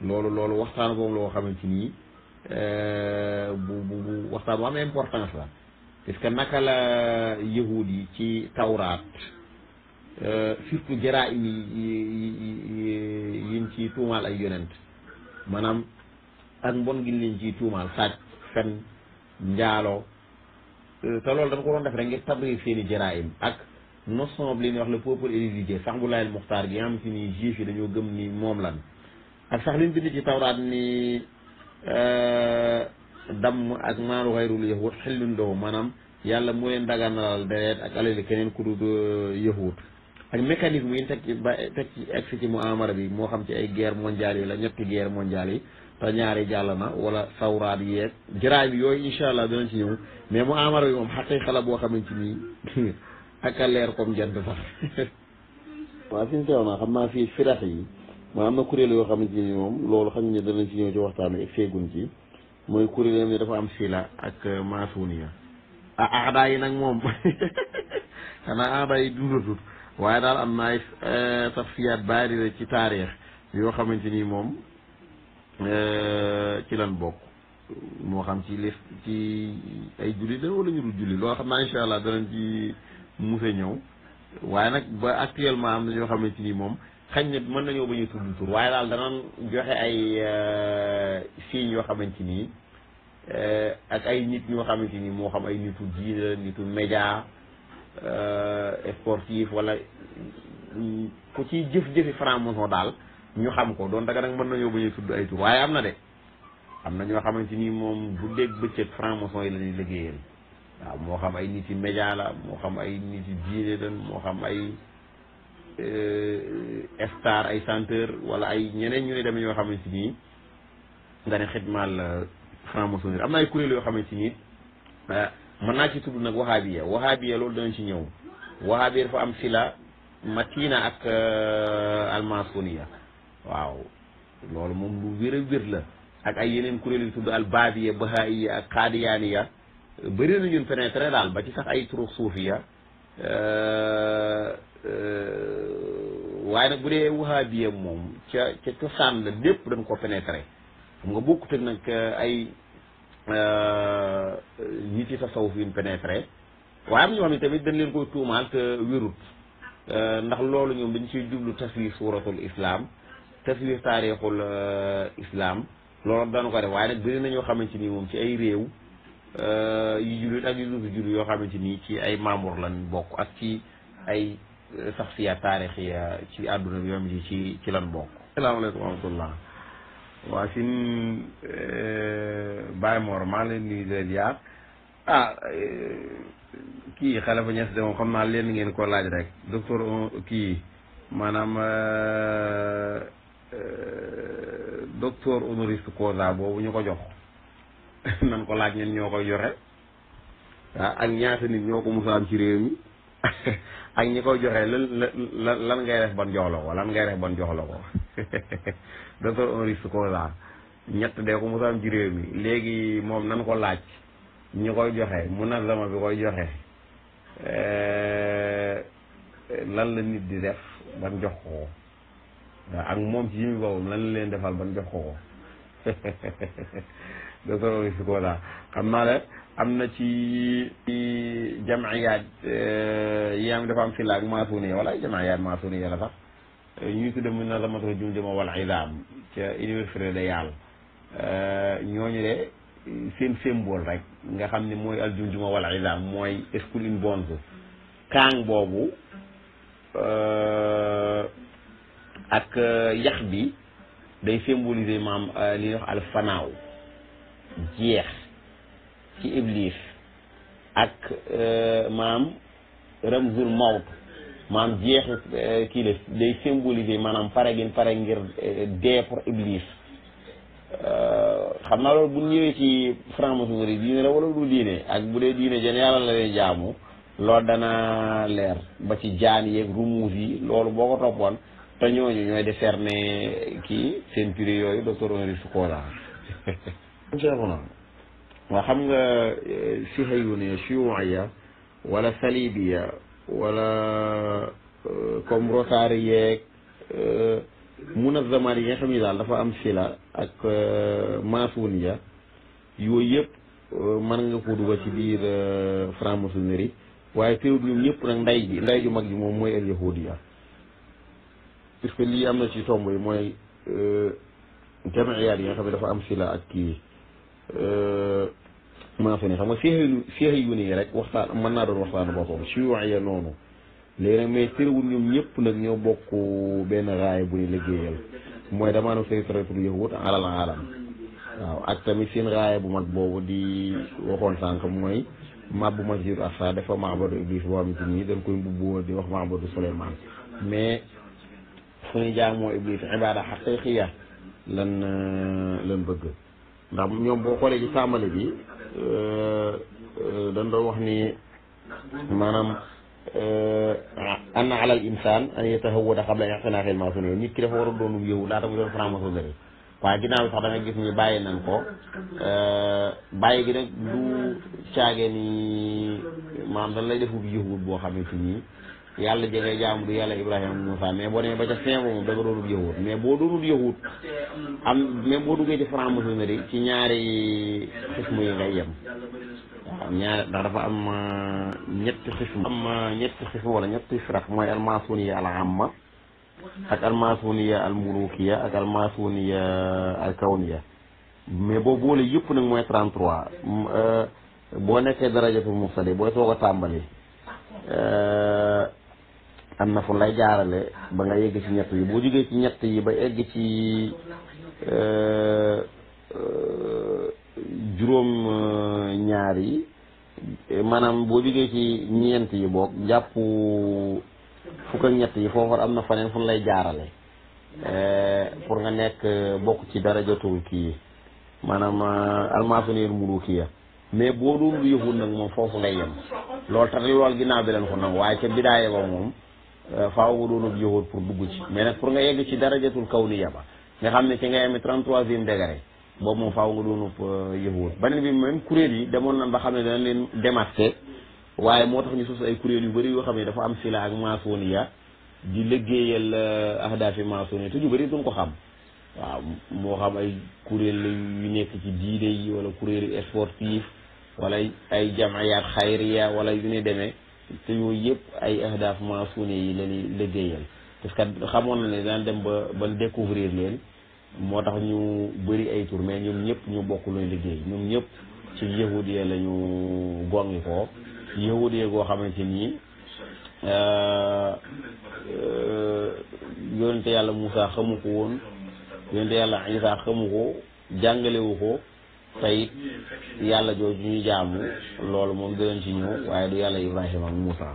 loolu loolu waxtaan boobu loo xamante nii bu bu bu waxtaan bu am importance la parce que naka la yahud yi ci tawraat euh, surtout jara yi yiñ ci tuumaal ay yonent maanaam ak mbon gi liñ ciy tuumaal sàcc fen njaaloo euh, te loolu dañ ko doon def rek ngir tabrir seen i jaraayim ak notion bi li ñuy wax le peuple élisé sax bu laayal muxtaar gi nga xam si ni juif yi dañoo gëm ni moom lan ak sax liñ bind ci tawraat ni euh, damm ak maalu xayrul yahut xillun lahu maanaam yàlla moo leen daganalal deret ak alali keneen ku dul euh, yahut ak mécanisme yi teg ci ba teg ci egg si ci mu amara bi moo xam ci ay guerre mondiale la ñetti guerre mondiale yi ñaari jàll na wala sawraat yeeg jiraay yooyu incha allah dinañ ci ñëw mais mu amara bi moom xaqi boo xamante ni ak a leer comme jant sax waaw fi xam naa fii firax yi maa am na kuréel yoo xamante ni moom loolu xam ne danañ ci ñëw ci waxtaan wi ak feegun ci mooy kuréelam yi dafa am sila ak euh, maasuniya ah aadaa yi nag moom xanaa aadaa yi dundatul waaye daal am na ay euh, tafsiyaat bari la ci taarix yoo xamante ni moom euh, ci lan bokk moo xam ci lif ci ay julli la wala ñu dul julli loo xam naa incha allah danañ ci muse ñëw waaye nag ba actuellement am na ñoo xamante ni moom xañ na mën nañoo bañ a tudd tur waaye daal danañ joxe ay euh, signes yoo xamante nii euh, ak ay nit ñoo xamante nii moo xam ay nitu diina nitu média euh, sportif wala ku ciy jëf-jëfi franc-maçon daal ñu xam ko doon daga nag mën nañoo bañ a tudd ay tur waaye am na de am na ñoo xamante nii moom bu dégg bëccëg franc-maçon yi la ñuy waaw moo xam ay nit yi média la moo xam ay nit yu diine la moo xam ay star euh, ay santeur wala ay ñeneen ñu dem ñoo xamante ni nga ne xidmaal franc-maçonnerie am na ay kuréel yoo xamante ni ah, mën naa ci tudd nag wahaabiya wahaabiya loolu danañ ci ñëw wahaabiya dafa am fila matina ak euh, almasoniya waaw loolu moom lu wér a wér la ak ay yeneen kuréel yu tudd albaabiya bahaiya ak xaadiyaaniya bëri na ñun pénétré daal ba ci sax ay turuq suufiya euh, Euh, waaye nag bu dee wahabiya moom ca ca cosaan la lépp dañ ko pénétré xam nga bokkut ak euh, ay euh, nit yi tasawuf yuñ pénétré waaye am ñoo xam ne tamit dañ leen koy tuumaal te wérut ndax loolu ñoom dañ ciy jublu taswiir suuratul islaam taswiir taarixul islam loolu dañu ko def waaye nag bëri na ñoo xamante ni moom ci ay réew yu jullit ak yu dul jullit yoo xamante ni ci ay membre lan bokk ak ci ay Euh, saxsiya taarixiya ci àdduna bi moom ji ci ci lan bokk salaamaaleykum wa rahmatullah waa sin euh, Baye Mor maa ngi leen nuyu di leen yaar ah euh, kii Xalifa Ñas de moom xam naa leen ngeen ko laaj rek docteur kii maanaam docteur honoris causa boobu ñu ko jox nan ko laaj ñen ñoo koy joxe ah ak ñaata nit ñoo ko musa am ci réew mi ak ñi koy joxe lan lan lan ngay def ban jox la ko lan ngay def ban jox la ko docteur Henri Soukola ñett de ko musaam ci réew mi léegi moom nan ko laaj ñi koy joxe mu na lama bi koy joxe eh, lan la nit di def ban jox ko ak moom ci yi mi boobam lan la leen defal ban jox ko ko da solo laa xam naa la am na ci jamayaat euh, yi am dafa am fi laag maasuni wala jamayaat maasuni la sax ñuy tudde mun na dama tax jum jëma wal ilam ca université de Yàlla euh, ñooñu de seen symbole rek nga xam ni mooy al jumjuma wal ilam mooy school in bonds kaang boobu euh, ak yax bi day symboliser maam euh, li ñuy wax al fanaaw jeex ci iblis ak euh, maam ramzul mawt maam jeex euh, kii la day symboliser maanaam pare gin pare ngir dee pour iblis xam naa loolu bu ñëwee ci franc-maçonnerie diine la wala du diine ak bu dee diine jën yàlla la lay jaamu loolu dana leer ba ci jaan yeeg rumuus yi loolu boo ko toppoon te ñooñu ñooy décerner kii seen prix yooyu docteur Henri Foucault Cheikhouna waa xam nga euh, sihayuniya chiouiya wala salibiya wala euh, comme rotari yeeg euh, munazamaat yi nga xam ni daal dafa am sila ak masuniya yooyu yëpp mën nga ko dugal ci biir franc-maçonnerie waaye teewul ñoom ñëpp nag nday ji nday ju mag ji moom mooy al yahudiya puisque lii am na ci tomb yi mooy euh, jamiyaat yi nga xam ne dafa am sila ak kii euh, mentionné xam nga seexayu seexayu rek waxtaan mën naa doon waxtaan boppam siwaaya noonu léegi nag mais terewul ñoom ñëpp nag ñoo bokk benn raay bu ñu liggéeyal mooy damaanam saytratul yahud alal alam waaw ak tamit seen raaya bu mag boobu di waxoon sànq mooy mabbu masjid assa dafa maabadu iblis boo xamante ni dañ koy mbubboo di wax maabadu Souleymane mais fu ñu jaamoo iblis ibaada xaqiqiya lan lan bëgg ndax ñoom boo xoolee ci saamale bi dañ doon wax ni maanaam anna ala al insan an yatahawwada qabla i'tinaafi al maçonnerie nit ki dafa war a doonum yow laata mu doon franc-maçonnerie waaye ginnaaw bi sax da nga gis ni bàyyi nañ ko bàyyi gi nag du caage ni maanaam dañ lay defu yëwut boo xamante ni yàlla ja ngay jaamu du yàlla Ibrahima Moussa mais boo demee ba ca fin ba moom da nga doonul mais boo doonul yahut am même boo duggee ci franc-maçonnerie ci yi ngay yem waaw ñaari ndax dafa am euh, ñetti xismu. am euh, ñetti ñetti firaq mooy almasoniya al amma ak almasoniya al mulukiya ak almasoniya al kawniya mais boo boole yëpp nag mooy 33 euh, boo nekkee darajatu muftadi booy soog a tàmbali. am na fu lay jaarale ba nga yegg ci ñett yi boo jugee ci ñett yi ba egg ci euh, euh, juróom euh, ñaar yi maanaam boo jógee ci ñeent yi boog jàpp fukk ñett yi foofu am na faneen fu lay jaarale pour nga nekk bokk ci darajatul kii maanaam almaafiniir mulukiya mais boo doon lu yëful nag moom foofu lay yem loolu tax lool ginnaaw bi leen ko nag waaye ca bidaaya ba moom Euh, faaw nga doon ak jiwóot pour dugg ci mais nag pour nga yegg ci darajatul kawniya ba nga xam ne ci nga yemee trente-troisième degré boobu moom faaw nga doonub euh, yëfwóot beneen bi même kuréel yi demoon nan ba xam ne dana leen démasqué waaye moo tax ñu sos ay kuréel yu bëri yoo xam ne dafa am sila ak maçonniya di liggéeyal euh, ahdafi maçonniya te ñu bëri duñ ko xam waaw moo xam ay kuréel yu nekk ci diine yi wala kuréel yu sportif wala ay jamayaat xayriya wala yu demee te yooyu yëpp ay ahdaaf maasuune yi lañuy liggéeyal parce que xamoon na ne daan dem ba ba découvrir leen moo tax ñu bëri ay tur mais ñoom ñëpp ñu bokk luy liggéey ñoom ñëpp ci yahudiya la ñu gongi ko yahudiya goo xamante nii euh, euh, yonente yàlla Moussa xamu ko woon yonente yàlla Isa xamu ko jàngalewu ko tayit yàlla jooju ñuy jaamu loolu moom dinañ ci ñëw waaye du yàlla Ibrahima ak Moussa